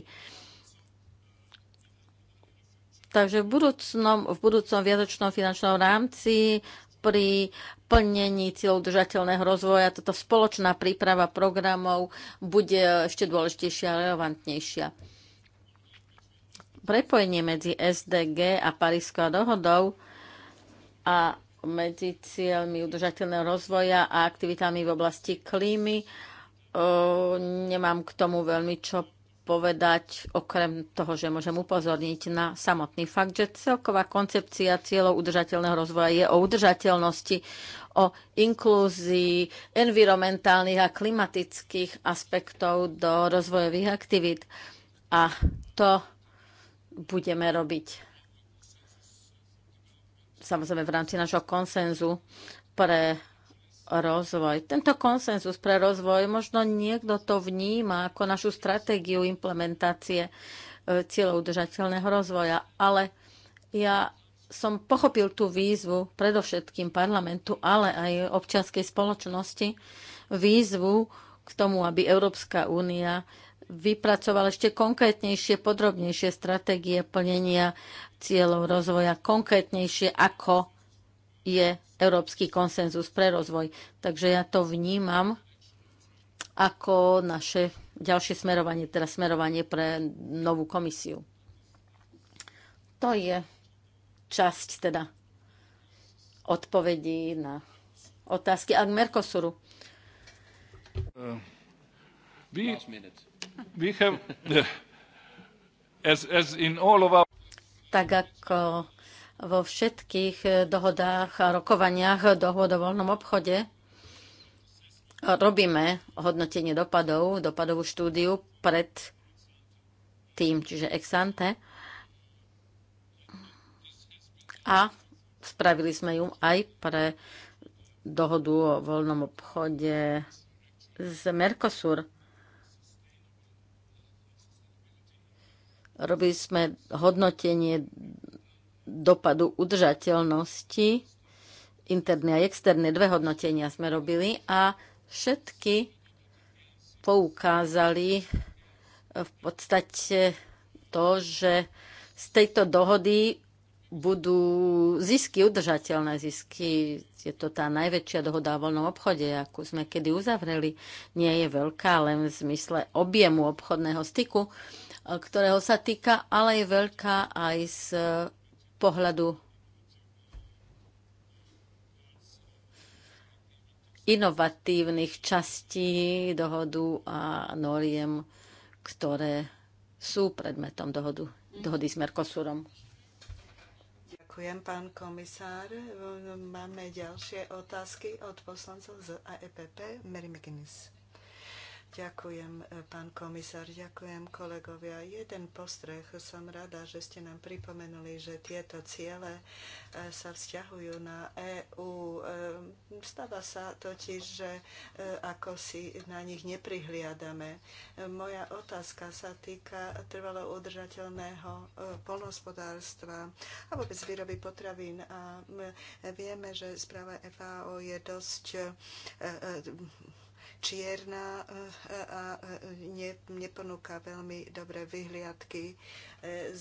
Takže v budúcnom, v budúcom viazočnom finančnom rámci pri plnení cieľov držateľného rozvoja táto spoločná príprava programov bude ešte dôležitejšia a relevantnejšia. Prepojenie medzi SDG a Parískou dohodou a medzi cieľmi udržateľného rozvoja a aktivitami v oblasti klímy. Eh, nemám k tomu veľmi čo povedať, okrem toho, že môžem upozorniť na samotný fakt, že celková koncepcia cieľov udržateľného rozvoja je o udržateľnosti, o inklúzii environmentálnych a klimatických aspektov do rozvojových aktivít. A to budeme robiť samozrejme v rámci nášho konsenzu pre rozvoj. Tento konsenzus pre rozvoj, možno niekto to vníma ako našu stratégiu implementácie e, cieľov udržateľného rozvoja, ale ja som pochopil tú výzvu predovšetkým parlamentu, ale aj občianskej spoločnosti, výzvu k tomu, aby Európska únia vypracovala ešte konkrétnejšie, podrobnejšie stratégie plnenia cieľov rozvoja, konkrétnejšie ako je Európsky konsenzus pre rozvoj. Takže ja to vnímam ako naše ďalšie smerovanie, teda smerovanie pre novú komisiu. To je časť teda odpovedí na otázky. A k Mercosuru. Uh, (laughs) tak ako vo všetkých eh, dohodách a rokovaniach dohod o voľnom obchode robíme hodnotenie dopadov, dopadovú štúdiu pred tým, čiže ex ante. A spravili sme ju aj pre dohodu o voľnom obchode z Mercosur. Robili sme hodnotenie dopadu udržateľnosti, interné a externé, dve hodnotenia sme robili a všetky poukázali e, v podstate to, že z tejto dohody budú zisky, udržateľné zisky. Je to tá najväčšia dohoda o voľnom obchode, akú sme kedy uzavreli. Nie je veľká len v zmysle objemu obchodného styku, e, ktorého sa týka, ale je veľká aj z pohľadu inovatívnych častí dohodu a noriem, ktoré sú predmetom dohodu, dohody s Mercosurom. Ďakujem, pán komisár. Máme ďalšie otázky od poslancov z AEPP. Mary McGinnis. Ďakujem, e, pán komisár, ďakujem kolegovia. Jeden postreh, som rada, že ste nám pripomenuli, že tieto ciele e, sa vzťahujú na EÚ. E, stáva sa totiž, že ako si na nich neprihliadame. Moja otázka sa týka trvalo udržateľného polnohospodárstva a vôbec výroby potravín. A vieme, že správa FAO je dosť čierna a eh, eh, eh, neponúka veľmi dobré vyhliadky.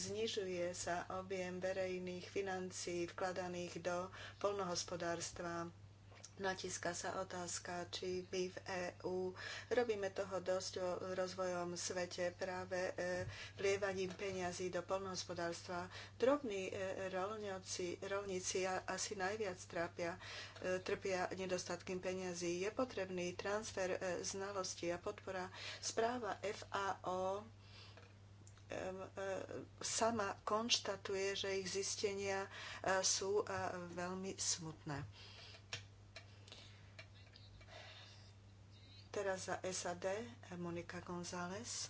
Znižuje sa objem verejných financií vkladaných do polnohospodárstva Natiska sa otázka, či my v EÚ robíme toho dosť v rozvojom svete práve vlievaním e, peňazí do polnohospodárstva. Drobní e, rolníci, rolníci asi najviac trápia, e, trpia nedostatkým peňazí. Je potrebný transfer znalostí a podpora. Správa FAO sama konštatuje, že ich zistenia sú veľmi smutné. Teraz za SAD Monika González.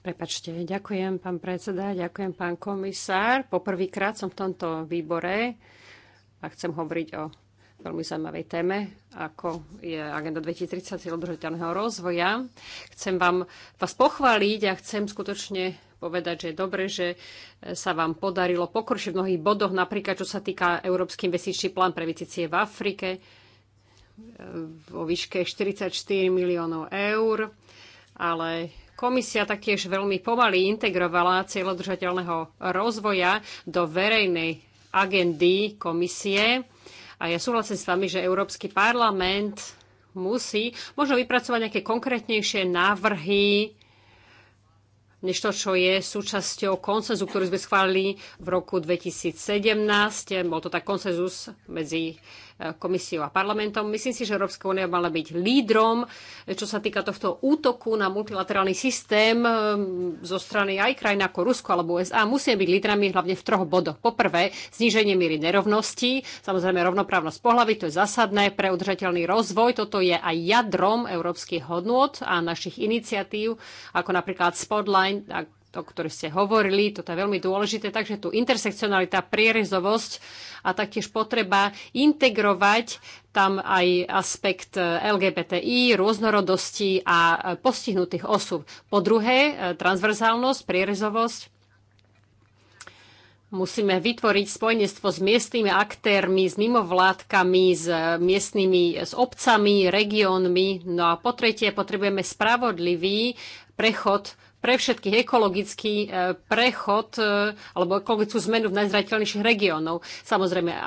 Prepačte, ďakujem pán predseda, ďakujem pán komisár. Poprvýkrát som v tomto výbore a chcem hovoriť o veľmi zaujímavej téme, ako je Agenda 2030 udržateľného rozvoja. Chcem vám vás pochváliť a chcem skutočne povedať, že je dobre, že e, sa vám podarilo pokročiť v mnohých bodoch, napríklad čo sa týka Európsky investičný plán pre investície v Afrike e, vo výške 44 miliónov eur, ale komisia taktiež veľmi pomaly integrovala cieľodržateľného rozvoja do verejnej agendy komisie. A ja súhlasím s vami, že Európsky parlament musí možno vypracovať nejaké konkrétnejšie návrhy než to, čo je súčasťou konsenzu, ktorý sme schválili v roku 2017. Bol to tak konsenzus medzi komisiou a parlamentom. Myslím si, že Európska únia mala byť lídrom, eh, čo sa týka tohto útoku na multilaterálny systém eh, zo strany aj krajín ako Rusko alebo USA. Musíme byť lídrami hlavne v troch bodoch. Poprvé, zníženie miery nerovnosti, samozrejme rovnoprávnosť pohlavy, to je zásadné pre udržateľný rozvoj. Toto je aj jadrom európskych hodnôt a našich iniciatív, ako napríklad Spotline, o ktoré ste hovorili, toto je veľmi dôležité, takže tu intersekcionalita, prierezovosť a taktiež potreba integrovať tam aj aspekt LGBTI, rôznorodosti a e, postihnutých osôb. Po druhé, e, transverzálnosť, prierezovosť. Musíme vytvoriť spojenstvo s miestnymi aktérmi, s mimovládkami, s e, miestnymi, s obcami, regiónmi. No a po tretie, potrebujeme spravodlivý prechod pre všetkých ekologický e, prechod e, alebo ekologickú zmenu v najzrateľnejších regiónov. Samozrejme, e,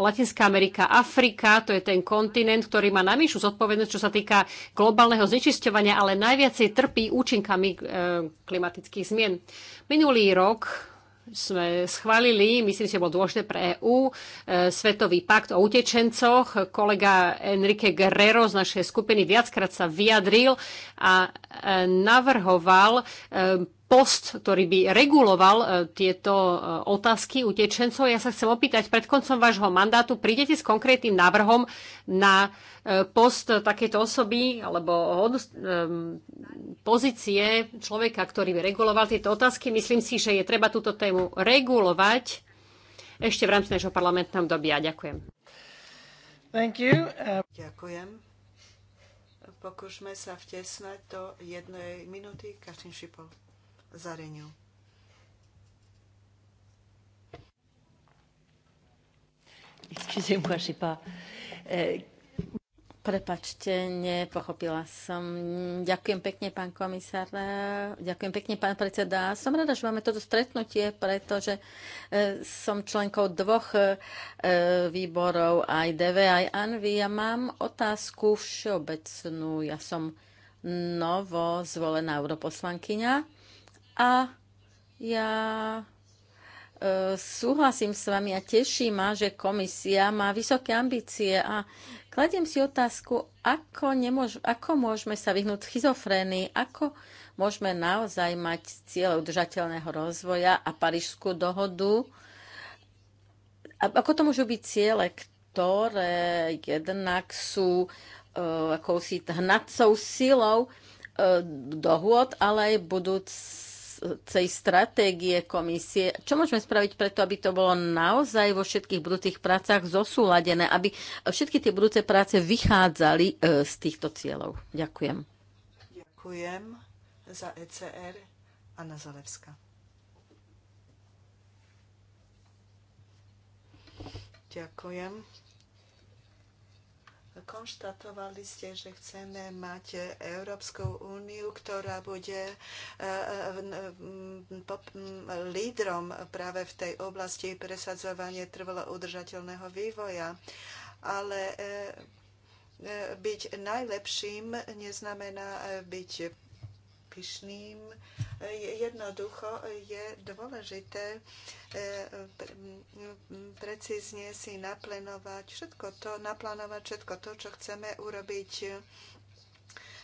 Latinská Amerika, Afrika, to je ten kontinent, ktorý má najmenšiu zodpovednosť, čo sa týka globálneho znečisťovania, ale najviacej trpí účinkami klimatických zmien. Minulý rok sme schválili, myslím že bol dôležité pre EÚ, e, Svetový pakt o utečencoch. Kolega Enrique Guerrero z našej skupiny viackrát sa vyjadril a e, navrhoval e, post, ktorý by reguloval e, tieto e, otázky utečencov. Ja sa chcem opýtať, pred koncom vášho mandátu prídete s konkrétnym návrhom na e, post takéto osoby alebo pozície človeka, ktorý by reguloval tieto otázky. Myslím si, že je treba túto tému regulovať ešte v rámci nášho parlamentného dobia. Ďakujem. Thank you. Uh, Ďakujem. Pokúšme sa vtesnať do jednej minúty. Kačín Šipov zareňu. Excusez-moi, je pas. Eh, prepačte, nepochopila som. Ďakujem pekne, pán komisár. Ďakujem pekne, pán predseda. Som rada, že máme toto stretnutie, pretože eh, som členkou dvoch eh, výborov, aj DV, aj ANVI. Ja mám otázku všeobecnú. Ja som novo zvolená europoslankyňa a ja e, súhlasím s vami a teší ma, že komisia má vysoké ambície a kladiem si otázku, ako, nemôž, ako môžeme sa vyhnúť schizofrénii, ako môžeme naozaj mať cieľ udržateľného rozvoja a Parížskú dohodu. A ako to môžu byť ciele, ktoré jednak sú e, akousi hnacou silou uh, dohôd, ale aj budúc tej stratégie komisie. Čo môžeme spraviť preto, aby to bolo naozaj vo všetkých budúcich prácach zosúladené, aby všetky tie budúce práce vychádzali e, z týchto cieľov? Ďakujem. Ďakujem za ECR a na Zalevska. Ďakujem konštatovali ste, že chceme mať Európsku úniu, ktorá bude e, e, lídrom práve v tej oblasti presadzovanie trvalo udržateľného vývoja. Ale e, byť najlepším neznamená byť pyšným Jednoducho je dôležité e, precízne si naplánovať všetko to, naplánovať všetko to, čo chceme urobiť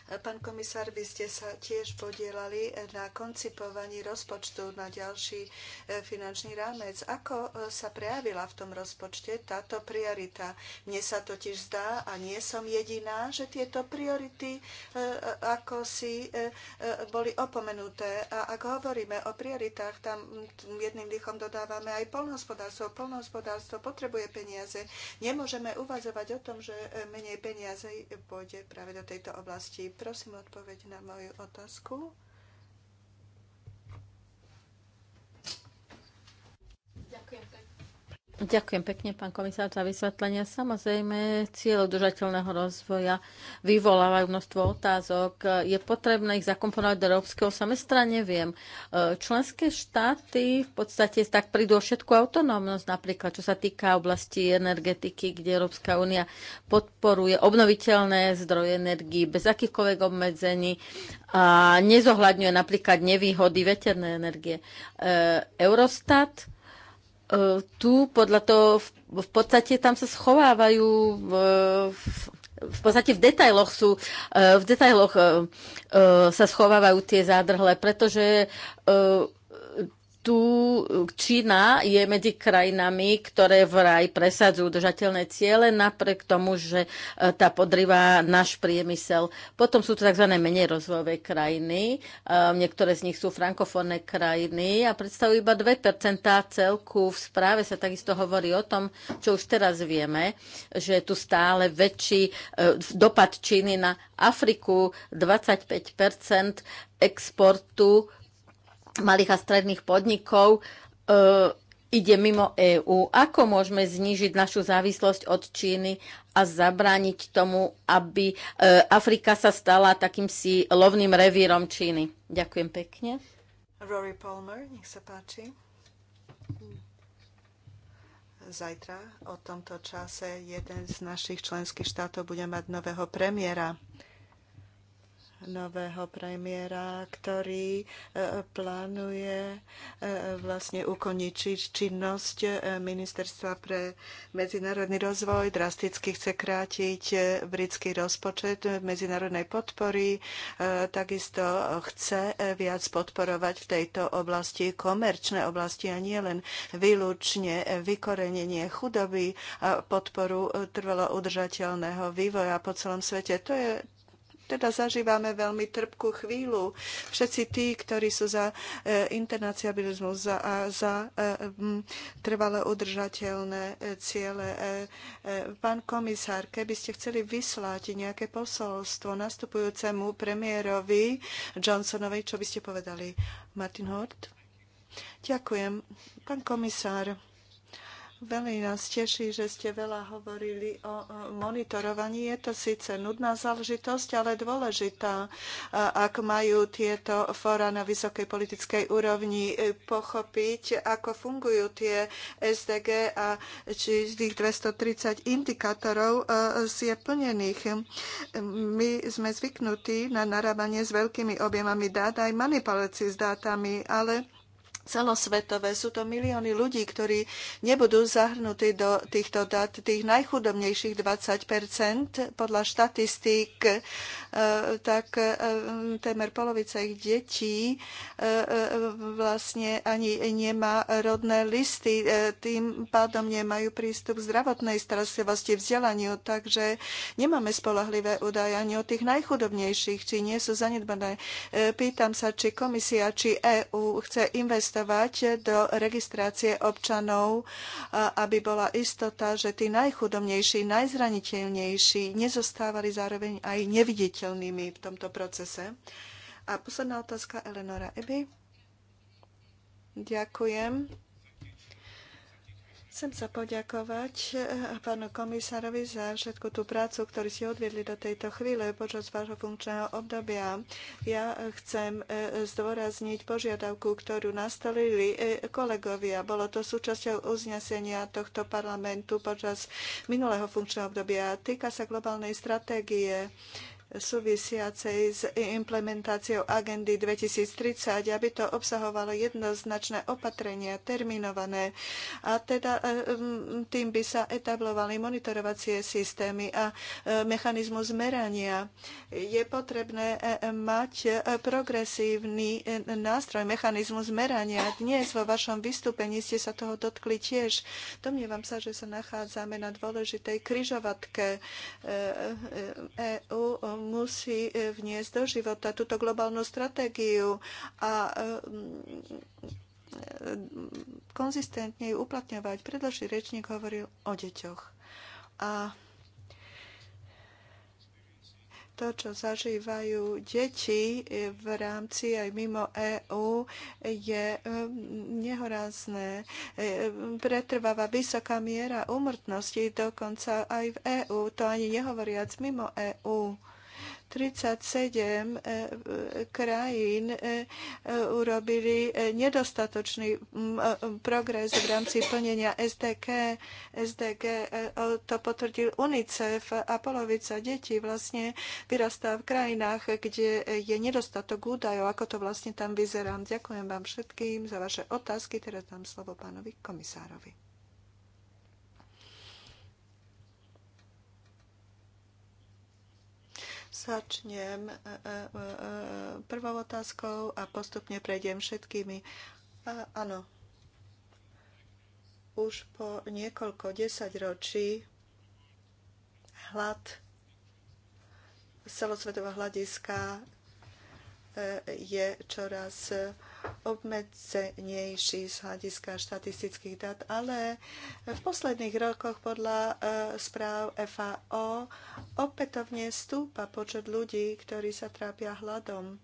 Pán komisár, vy ste sa tiež podielali na koncipovaní rozpočtu na ďalší e, finančný rámec. Ako e, sa prejavila v tom rozpočte táto priorita? Mne sa totiž zdá, a nie som jediná, že tieto priority e, ako si boli opomenuté. A ak hovoríme o prioritách, tam jedným dýchom dodávame aj polnohospodárstvo. Polnohospodárstvo potrebuje peniaze. Nemôžeme uvažovať o tom, že menej peniaze pôjde práve do tejto oblasti. Prosím, odpoveď na moju otázku. Ďakujem pekne, pán komisár, za vysvetlenia. Samozrejme, cieľ udržateľného rozvoja vyvolávajú množstvo otázok. Je potrebné ich zakomponovať do európskeho semestra? Neviem. E, členské štáty v podstate tak prídu o všetku autonómnosť, napríklad čo sa týka oblasti energetiky, kde Európska únia podporuje obnoviteľné zdroje energii bez akýchkoľvek obmedzení a nezohľadňuje napríklad nevýhody veternej energie. E, Eurostat E, tu podľa toho v podstate tam sa schovávajú v, v, v podstate v detailoch sú, e, v detailoch e, sa schovávajú tie zádrhle, pretože tu Čína je medzi krajinami, ktoré vraj presadzujú držateľné ciele napriek tomu, že e, tá podrýva náš priemysel. Potom sú to tzv. menej rozvojové krajiny, e, niektoré z nich sú frankofónne krajiny a predstavujú iba 2% celku. V správe sa takisto hovorí o tom, čo už teraz vieme, že je tu stále väčší e, dopad Číny na Afriku, 25% exportu malých a stredných podnikov e, ide mimo EÚ. Ako môžeme znížiť našu závislosť od Číny a zabrániť tomu, aby e, Afrika sa stala takým si lovným revírom Číny? Ďakujem pekne. Rory Palmer, nech sa páči. Zajtra o tomto čase jeden z našich členských štátov bude mať nového premiéra nového premiéra, ktorý e, plánuje e, vlastne ukončiť činnosť e, Ministerstva pre medzinárodný rozvoj, drasticky chce krátiť britský rozpočet medzinárodnej podpory, takisto chce viac podporovať v tejto oblasti komerčné oblasti a nie len výlučne vykorenenie chudoby a podporu trvalo udržateľného vývoja po celom svete. To je teda zažívame veľmi trpkú chvíľu. Všetci tí, ktorí sú za e, internacionalizmus, za, za e, trvalo udržateľné e, ciele. Pán komisár, keby ste chceli vyslať nejaké posolstvo nastupujúcemu premiérovi Johnsonovi, čo by ste povedali? Martin Hort? Ďakujem. Pán komisár, Veľmi nás teší, že ste veľa hovorili o monitorovaní. Je to síce nudná záležitosť, ale dôležitá, ak majú tieto fóra na vysokej politickej úrovni e, pochopiť, ako fungujú tie SDG a či z tých 230 indikátorov e, je plnených. My sme zvyknutí na narábanie s veľkými objemami dát aj manipulácií s dátami, ale celosvetové. Sú to milióny ľudí, ktorí nebudú zahrnutí do týchto dát. Tých najchudobnejších 20 podľa štatistík, e, tak e, témer polovica ich detí e, vlastne ani nemá rodné listy. Tým pádom nemajú prístup k zdravotnej starostlivosti, vzdelaniu, takže nemáme spolahlivé údaje ani o tých najchudobnejších, či nie sú zanedbané. Pýtam sa, či komisia, či EÚ chce investovať investovať do registrácie občanov, aby bola istota, že tí najchudobnejší, najzraniteľnejší nezostávali zároveň aj neviditeľnými v tomto procese. A posledná otázka Eleonora Eby. Ďakujem. Chcem sa poďakovať eh, pánu komisárovi za všetku tú prácu, ktorú ste odviedli do tejto chvíle počas vášho funkčného obdobia. Ja chcem eh, zdôrazniť požiadavku, ktorú nastolili eh, kolegovia. Bolo to súčasťou uznesenia tohto parlamentu počas minulého funkčného obdobia. Týka sa globálnej stratégie súvisiacej s implementáciou agendy 2030, aby to obsahovalo jednoznačné opatrenia, terminované. A teda e, tým by sa etablovali monitorovacie systémy a e, mechanizmu zmerania. Je potrebné e, mať progresívny nástroj, mechanizmu zmerania. Dnes vo vašom vystúpení ste sa toho dotkli tiež. Domnievam sa, že sa nachádzame na dôležitej kryžovatke EU musí e, vniesť do života túto globálnu stratégiu a e, konzistentne ju uplatňovať. Predložší rečník hovoril o deťoch. A to, čo zažívajú deti e, v rámci aj mimo EÚ, je nehorázne. Pretrváva vysoká miera úmrtnosti, dokonca aj v EÚ, to ani nehovoriac mimo EÚ. EU 37 e, e, krajín e, urobili nedostatočný progres v rámci plnenia SDG. SDG to potvrdil UNICEF a polovica detí vlastne vyrastá v krajinách, kde je nedostatok údajov, ako to vlastne tam vyzerá. Ďakujem vám všetkým za vaše otázky. Teraz dám slovo pánovi komisárovi. Začnem e, e, e, prvou otázkou a postupne prejdem všetkými. áno, už po niekoľko desaťročí hlad z celosvetového hľadiska je čoraz obmedzenejší z hľadiska štatistických dát, ale v posledných rokoch podľa e, správ FAO opätovne stúpa počet ľudí, ktorí sa trápia hladom.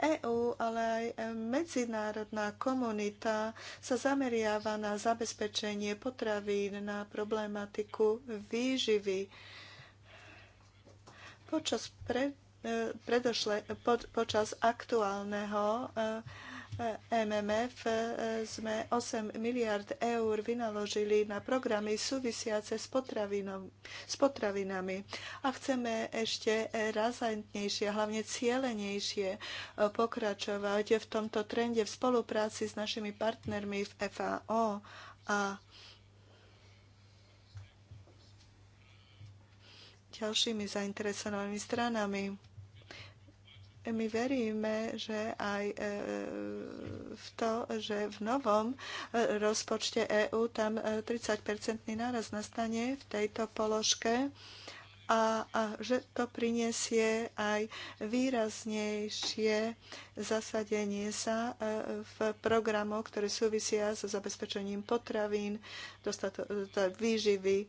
EÚ, ale aj medzinárodná komunita sa zameriava na zabezpečenie potravín, na problematiku výživy. Počas pred predošle, počas aktuálneho eh, MMF eh, sme 8 miliard eur vynaložili na programy súvisiace s, s potravinami a chceme ešte razantnejšie, hlavne cielenejšie eh, pokračovať v tomto trende v spolupráci s našimi partnermi v FAO a ďalšími zainteresovanými stranami my veríme, že aj e, v to, že v novom e, rozpočte EÚ tam e, 30-percentný náraz nastane v tejto položke a, a že to prinesie aj výraznejšie zasadenie sa e, v programoch, ktoré súvisia so zabezpečením potravín, dostato, e, výživy, e,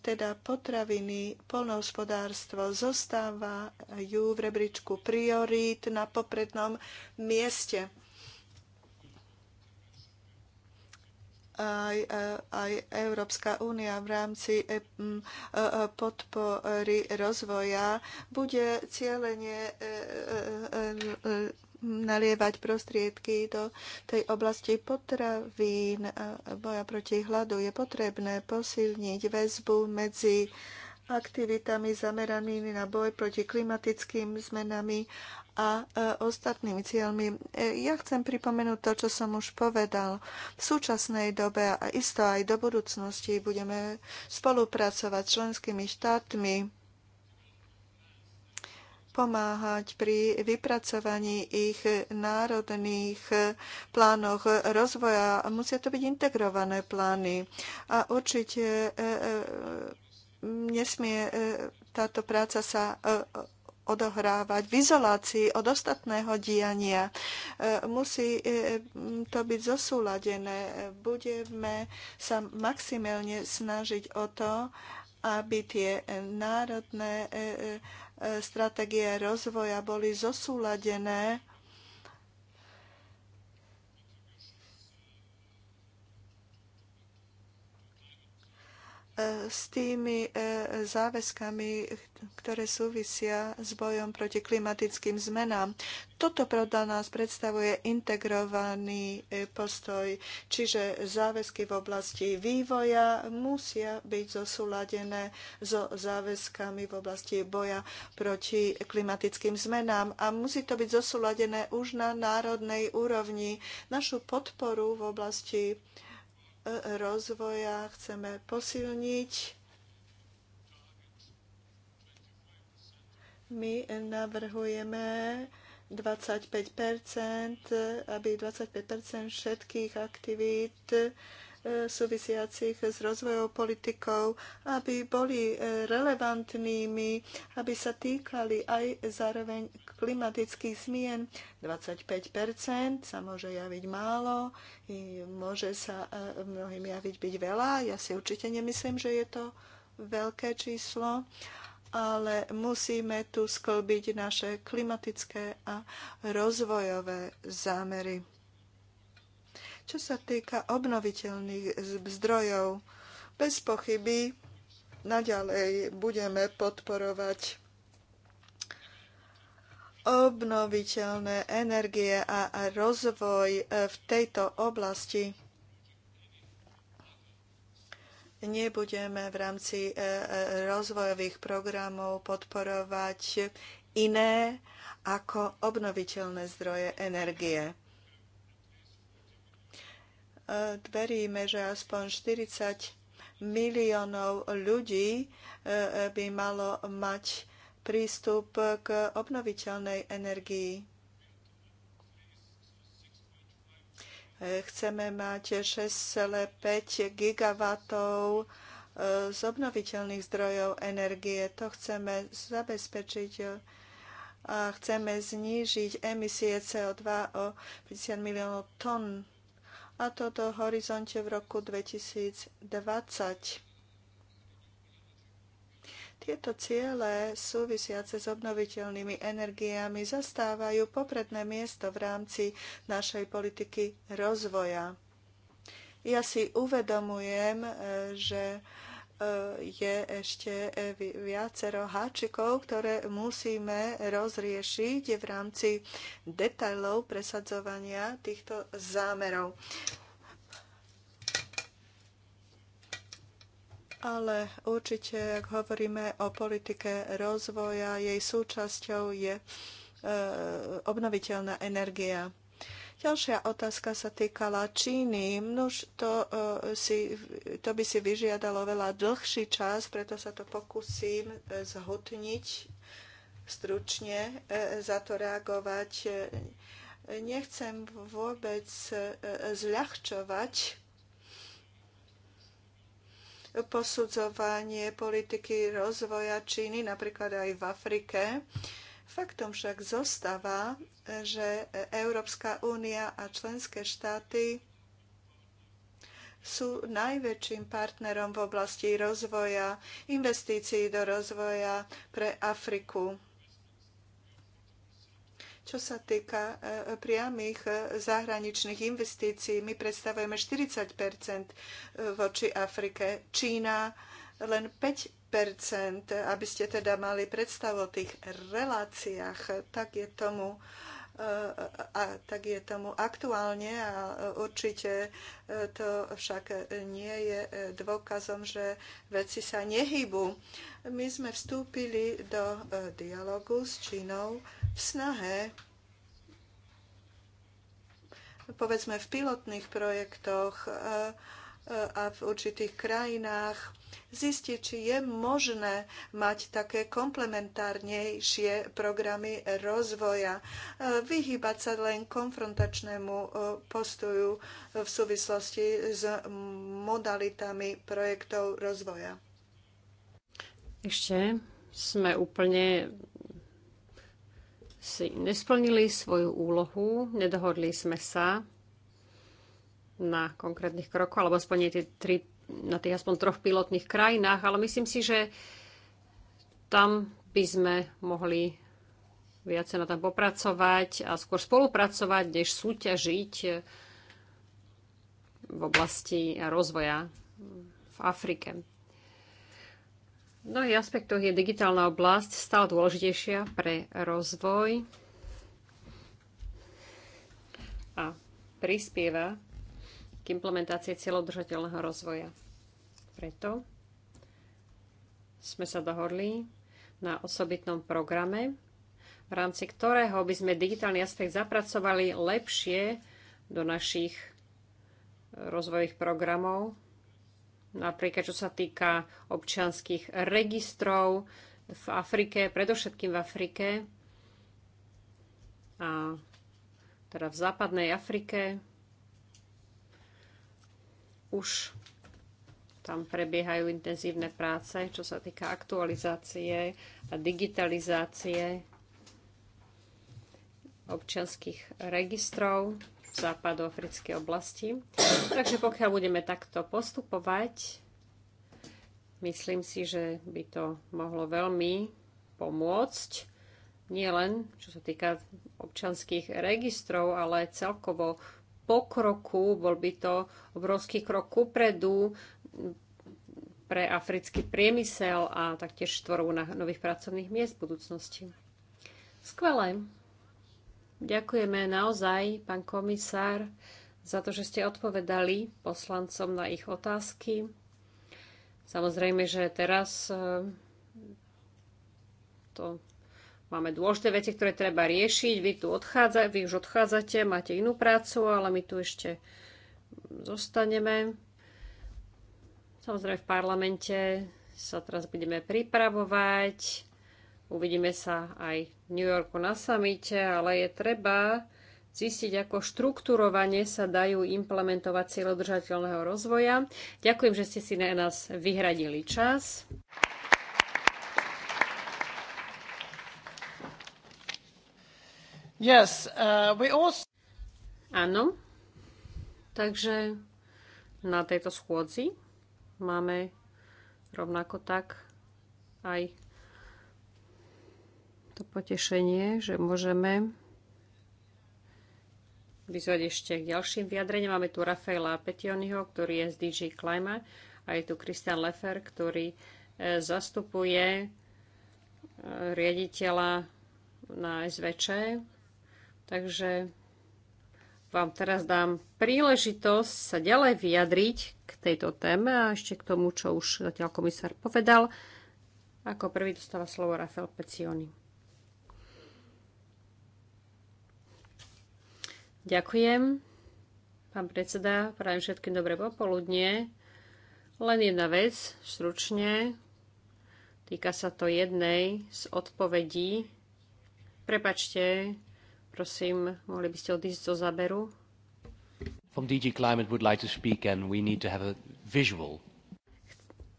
teda potraviny, polnohospodárstvo zostávajú v rebríčku priorít na poprednom mieste. aj, e, aj Európska únia v rámci e, e, podpory rozvoja bude cieľenie nalievať prostriedky do tej oblasti potravín boja proti hladu. Je potrebné posilniť väzbu medzi aktivitami zameranými na boj proti klimatickým zmenami a e, ostatnými cieľmi. E, ja chcem pripomenúť to, čo som už povedal. V súčasnej dobe a isto aj do budúcnosti budeme spolupracovať s členskými štátmi, pomáhať pri vypracovaní ich národných plánoch rozvoja. Musia to byť integrované plány. A určite e, nesmie e, táto práca sa e, odohrávať v izolácii od ostatného diania. E, musí to byť zosúladené. Budeme sa maximálne snažiť o to, aby tie národné stratégie rozvoja boli zosúladené s tými e, záväzkami, ktoré súvisia s bojom proti klimatickým zmenám. Toto podľa nás predstavuje integrovaný e, postoj, čiže záväzky v oblasti vývoja musia byť zosúladené so záväzkami v oblasti boja proti klimatickým zmenám a musí to byť zosúladené už na národnej úrovni. Našu podporu v oblasti rozvoja chceme posilniť. My navrhujeme 25 aby 25 všetkých aktivít E, súvisiacich s rozvojou politikou, aby boli e, relevantnými, aby sa týkali aj zároveň klimatických zmien. 25 sa môže javiť málo, môže sa e, mnohým javiť byť veľa. Ja si určite nemyslím, že je to veľké číslo ale musíme tu sklbiť naše klimatické a rozvojové zámery. Čo sa týka obnoviteľných zdrojov, bez pochyby naďalej budeme podporovať obnoviteľné energie a rozvoj e, v tejto oblasti nebudeme v rámci e, e, rozvojových programov podporovať iné ako obnoviteľné zdroje energie veríme, že aspoň 40 miliónov ľudí e, e, by malo mať prístup k obnoviteľnej energii. E, chceme mať 6,5 gigawatov z obnoviteľných zdrojov energie. To chceme zabezpečiť a chceme znížiť emisie CO2 o 50 miliónov tón a toto v horizonte v roku 2020. Tieto ciele súvisiace s obnoviteľnými energiami zastávajú popredné miesto v rámci našej politiky rozvoja. Ja si uvedomujem, e, že je ešte e, viacero háčikov, ktoré musíme rozriešiť v rámci detajlov presadzovania týchto zámerov. ale určite, ak hovoríme o politike rozvoja, jej súčasťou je e, obnoviteľná energia. Ďalšia otázka sa týkala Číny. Množ to, e, si, to by si vyžiadalo veľa dlhší čas, preto sa to pokúsim e, zhutniť, stručne e, za to reagovať. Nechcem vôbec zľahčovať posudzovanie politiky rozvoja Číny, napríklad aj v Afrike. Uh, Faktom však zostáva, že Európska únia a členské štáty sú najväčším partnerom v oblasti rozvoja, investícií do rozvoja pre Afriku. Čo sa týka e, priamých e, zahraničných investícií, my predstavujeme 40 e, voči Afrike, Čína len 5 aby ste teda mali predstavu o tých reláciách, tak je tomu eh, a tak je tomu aktuálne a určite eh, to však nie je eh, dôkazom, že veci sa nehybu. My sme vstúpili do dialogu s Čínou v snahe povedzme v pilotných projektoch a v určitých krajinách zistiť, či je možné mať také komplementárnejšie programy rozvoja, e, vyhýbať sa len konfrontačnému e, postoju e, v súvislosti s modalitami projektov rozvoja. Ešte sme úplne si nesplnili svoju úlohu, nedohodli sme sa na konkrétnych krokoch, alebo aspoň tie tri, na tých aspoň troch pilotných krajinách, ale myslím si, že tam by sme mohli viacej na tom popracovať a skôr spolupracovať, než súťažiť v oblasti rozvoja v Afrike. V mnohých aspektoch je digitálna oblasť stále dôležitejšia pre rozvoj a prispieva implementácie implementácii cieľodržateľného rozvoja. Preto sme sa dohodli na osobitnom programe, v rámci ktorého by sme digitálny aspekt zapracovali lepšie do našich rozvojových programov, napríklad čo sa týka občianských registrov v Afrike, predovšetkým v Afrike a teda v západnej Afrike, už tam prebiehajú intenzívne práce, čo sa týka aktualizácie a digitalizácie občianských registrov v západoafrickej oblasti. Takže pokiaľ budeme takto postupovať, myslím si, že by to mohlo veľmi pomôcť, nielen čo sa týka občanských registrov, ale celkovo pokroku, bol by to obrovský krok kupredu pre africký priemysel a taktiež tvorbu na nových pracovných miest v budúcnosti. Skvelé. Ďakujeme naozaj, pán komisár, za to, že ste odpovedali poslancom na ich otázky. Samozrejme, že teraz eh, to Máme dôležité veci, ktoré treba riešiť. Vy tu odchádza, vy už odchádzate, máte inú prácu, ale my tu ešte zostaneme. Samozrejme v parlamente sa teraz budeme pripravovať. Uvidíme sa aj v New Yorku na samite, ale je treba zistiť, ako štruktúrovane sa dajú implementovať cieľodržateľného rozvoja. Ďakujem, že ste si na nás vyhradili čas. Uh, Áno. Takže na tejto schôdzi máme rovnako tak aj to potešenie, že môžeme vyzvať ešte k ďalším vyjadreniam. Máme tu Rafaela Petioniho, ktorý je z DG Klima a je tu Christian Lefer, ktorý e, zastupuje e, riaditeľa na SVČ, Takže vám teraz dám príležitosť sa ďalej vyjadriť k tejto téme a ešte k tomu, čo už zatiaľ komisár povedal. Ako prvý dostáva slovo Rafael Pecioni. Ďakujem. Pán predseda, prajem všetkým dobré popoludnie. Len jedna vec, stručne. Týka sa to jednej z odpovedí. Prepačte, Prosím, mohli by ste odísť zo záberu. From DG Climate would like to speak and we need to have a visual.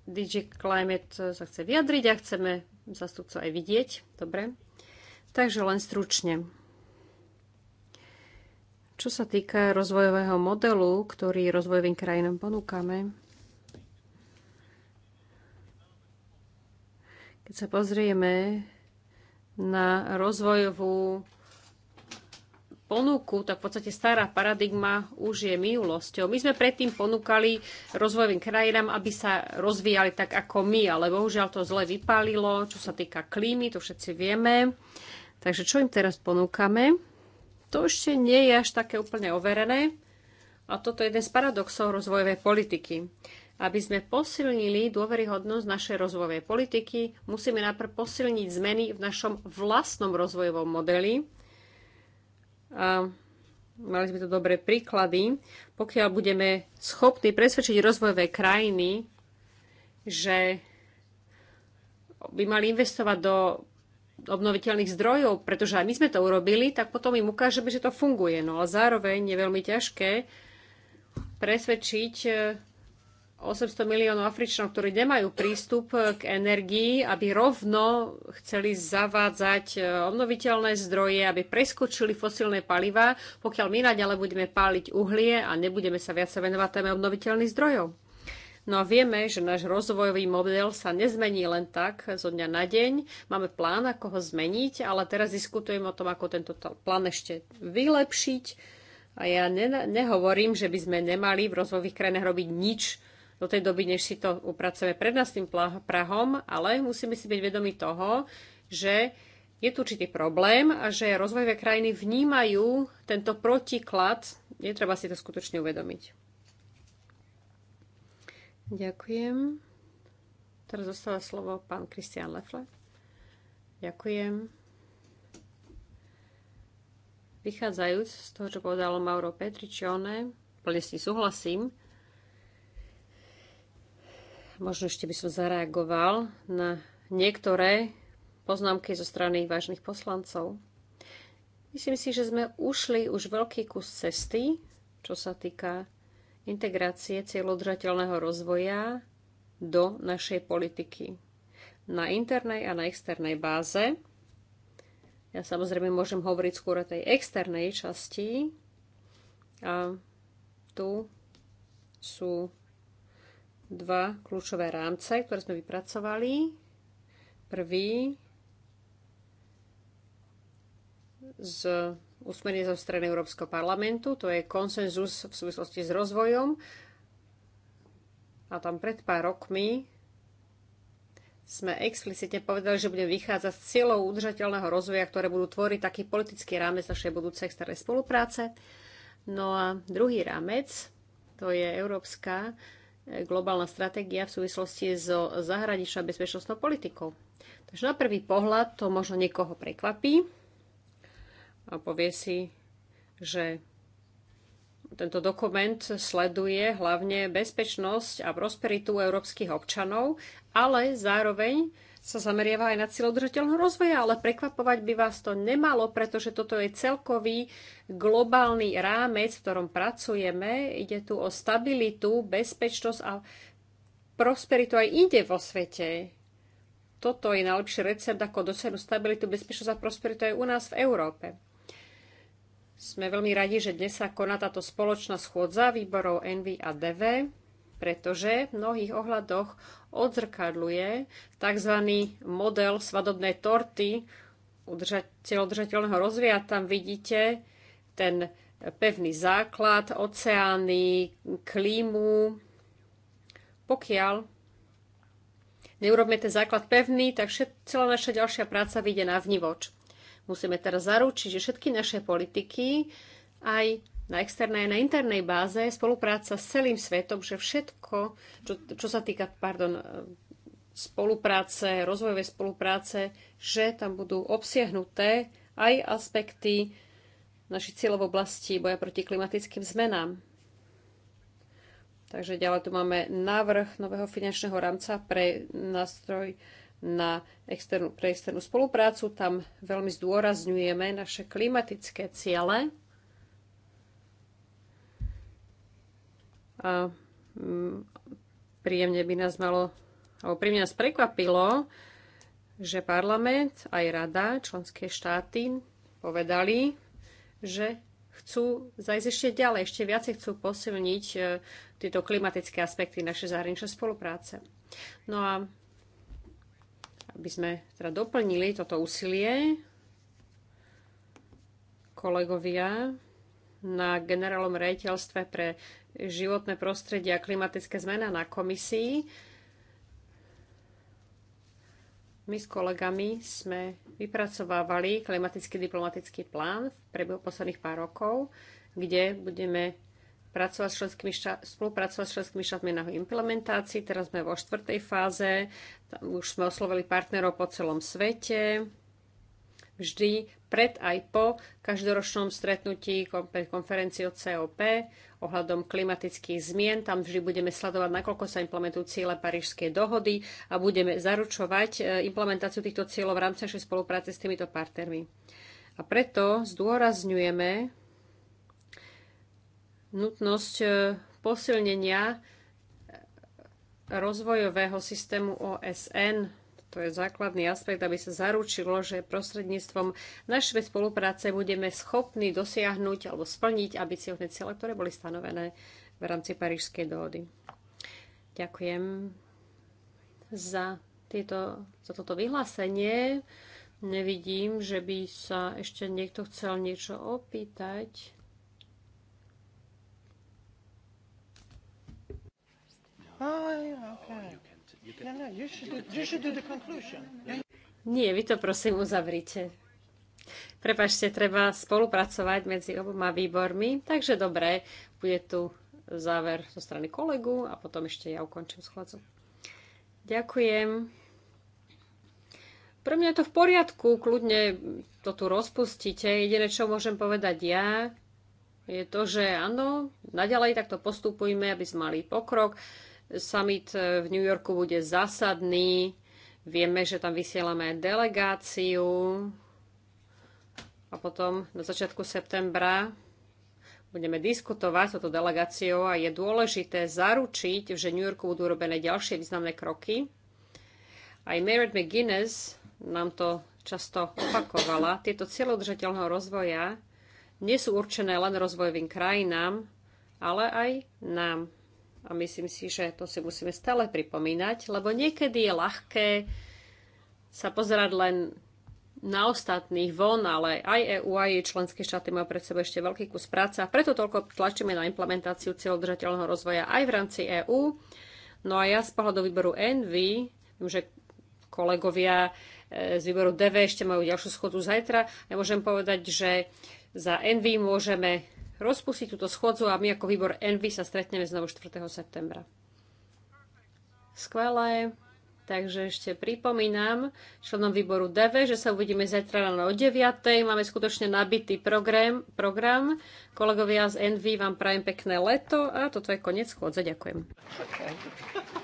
DG Climate sa chce vyjadriť a chceme zastupcov aj vidieť. Dobre. Takže len stručne. Čo sa týka rozvojového modelu, ktorý rozvojovým krajinám ponúkame, keď sa pozrieme na rozvojovú ponuku, tak v podstate stará paradigma už je minulosťou. My sme predtým ponúkali rozvojovým krajinám, aby sa rozvíjali tak ako my, ale bohužiaľ to zle vypálilo, čo sa týka klímy, to všetci vieme. Takže čo im teraz ponúkame? To ešte nie je až také úplne overené. A toto je jeden z paradoxov rozvojovej politiky. Aby sme posilnili dôveryhodnosť našej rozvojovej politiky, musíme najprv posilniť zmeny v našom vlastnom rozvojovom modeli, a mali sme to dobré príklady. Pokiaľ budeme schopní presvedčiť rozvojové krajiny, že by mali investovať do obnoviteľných zdrojov, pretože aj my sme to urobili, tak potom im ukážeme, že to funguje. No a zároveň je veľmi ťažké presvedčiť 800 miliónov Afričanov, ktorí nemajú prístup k energii, aby rovno chceli zavádzať e, obnoviteľné zdroje, aby preskočili fosílne paliva, pokiaľ my naďalej budeme páliť uhlie a nebudeme sa viac venovať téme obnoviteľných zdrojov. No a vieme, že náš rozvojový model sa nezmení len tak zo dňa na deň. Máme plán, ako ho zmeniť, ale teraz diskutujeme o tom, ako tento plán ešte vylepšiť. A ja ne- nehovorím, že by sme nemali v rozvojových krajinách robiť nič, do tej doby, než si to upracujeme pred nás tým prahom, ale musíme si byť vedomi toho, že je tu určitý problém a že rozvojové krajiny vnímajú tento protiklad. Je treba si to skutočne uvedomiť. Ďakujem. Teraz zostáva slovo pán Kristian Lefle. Ďakujem. Vychádzajúc z toho, čo povedalo Mauro Petričione, plne s tým súhlasím, Možno ešte by som zareagoval na niektoré poznámky zo strany vážnych poslancov. Myslím si, že sme ušli už veľký kus cesty, čo sa týka integrácie cieľodržateľného rozvoja do našej politiky na internej a na externej báze. Ja samozrejme môžem hovoriť skôr o tej externej časti. A tu sú dva kľúčové rámce, ktoré sme vypracovali. Prvý z usmernenie zo strany Európskeho parlamentu, to je konsenzus v súvislosti s rozvojom. A tam pred pár rokmi sme explicitne povedali, že budeme vychádzať z cieľov udržateľného rozvoja, ktoré budú tvoriť taký politický rámec našej budúcej externej spolupráce. No a druhý rámec, to je Európska globálna stratégia v súvislosti so zahraničnou bezpečnostnou politikou. Takže na prvý pohľad to možno niekoho prekvapí a povie si, že tento dokument sleduje hlavne bezpečnosť a prosperitu európskych občanov, ale zároveň sa zameriava aj na cieľ udržateľného rozvoja, ale prekvapovať by vás to nemalo, pretože toto je celkový globálny rámec, v ktorom pracujeme. Ide tu o stabilitu, bezpečnosť a prosperitu aj inde vo svete. Toto je najlepší recept, ako dosiahnu stabilitu, bezpečnosť a prosperitu aj u nás v Európe. Sme veľmi radi, že dnes sa koná táto spoločná schôdza výborov Envy a DV pretože v mnohých ohľadoch odzrkadľuje tzv. model svadobnej torty celodržateľného udržateľného rozvoja. Tam vidíte ten pevný základ, oceány, klímu. Pokiaľ neurobíme ten základ pevný, tak celá naša ďalšia práca vyjde na vnívoč. Musíme teraz zaručiť, že všetky naše politiky, aj na externej a na internej báze, spolupráca s celým svetom, že všetko, čo, čo sa týka pardon, e, spolupráce, rozvojovej spolupráce, že tam budú obsiahnuté aj aspekty našich cieľov v oblasti boja proti klimatickým zmenám. Takže ďalej tu máme návrh nového finančného rámca pre nástroj na externú, pre externú spoluprácu. Tam veľmi zdôrazňujeme naše klimatické ciele. Mm, príjemne by nás malo, alebo pri nás prekvapilo, že parlament, aj rada, členské štáty povedali, že chcú zajsť ešte ďalej, ešte viacej chcú posilniť e, tieto klimatické aspekty našej zahraničnej spolupráce. No a aby sme teda doplnili toto úsilie, kolegovia na generálnom rejiteľstve pre životné prostredie a klimatické zmena na komisii. My s kolegami sme vypracovávali klimatický diplomatický plán v priebehu posledných pár rokov, kde budeme pracovať s členskými štát, spolupracovať s členskými štátmi na implementácii. Teraz sme vo štvrtej fáze. Tam už sme oslovili partnerov po celom svete. Vždy pred aj po každoročnom stretnutí konferencii o COP ohľadom klimatických zmien. Tam vždy budeme sledovať, nakoľko sa implementujú ciele Parížskej dohody a budeme zaručovať e, implementáciu týchto cieľov v rámci našej spolupráce s týmito partnermi. A preto zdôrazňujeme nutnosť e, posilnenia e, rozvojového systému OSN to je základný aspekt, aby sa zaručilo, že prostredníctvom našej spolupráce budeme schopní dosiahnuť alebo splniť ambiciozne ciele, ktoré boli stanovené v rámci Parížskej dohody. Ďakujem za, tieto, za toto vyhlásenie. Nevidím, že by sa ešte niekto chcel niečo opýtať. Oh, yeah, okay. No, no, Nie, vy to prosím uzavrite. Prepačte, treba spolupracovať medzi oboma výbormi, takže dobre, bude tu záver zo strany kolegu a potom ešte ja ukončím schôdzu. Ďakujem. Pre mňa je to v poriadku, kľudne to tu rozpustíte. Jediné, čo môžem povedať ja, je to, že áno, naďalej takto postupujme, aby sme mali pokrok. Summit e, v New Yorku bude zásadný. Vieme, že tam vysielame delegáciu. A potom na začiatku septembra budeme diskutovať s touto delegáciou a je dôležité zaručiť, že v New Yorku budú robené ďalšie významné kroky. Aj Merit McGuinness nám to často opakovala. Tieto cieľe udržateľného rozvoja nie sú určené len rozvojovým krajinám, ale aj nám. A myslím si, že to si musíme stále pripomínať, lebo niekedy je ľahké sa pozerať len na ostatných von, ale aj EU, aj jej členské štáty majú pred sebou ešte veľký kus práce a preto toľko tlačíme na implementáciu cieľodržateľného rozvoja aj v rámci EÚ. No a ja z pohľadu výboru Envy, viem, že kolegovia e, z výboru DV ešte majú ďalšiu schodu zajtra, ja môžem povedať, že za Envy môžeme rozpustiť túto schodzu a my ako výbor Envy sa stretneme znovu 4. septembra. Skvelé. Takže ešte pripomínam členom výboru DV, že sa uvidíme zajtra ráno o 9. Máme skutočne nabitý program. program. Kolegovia z Envy vám prajem pekné leto a toto je koniec schôdze. Ďakujem. Okay. (laughs)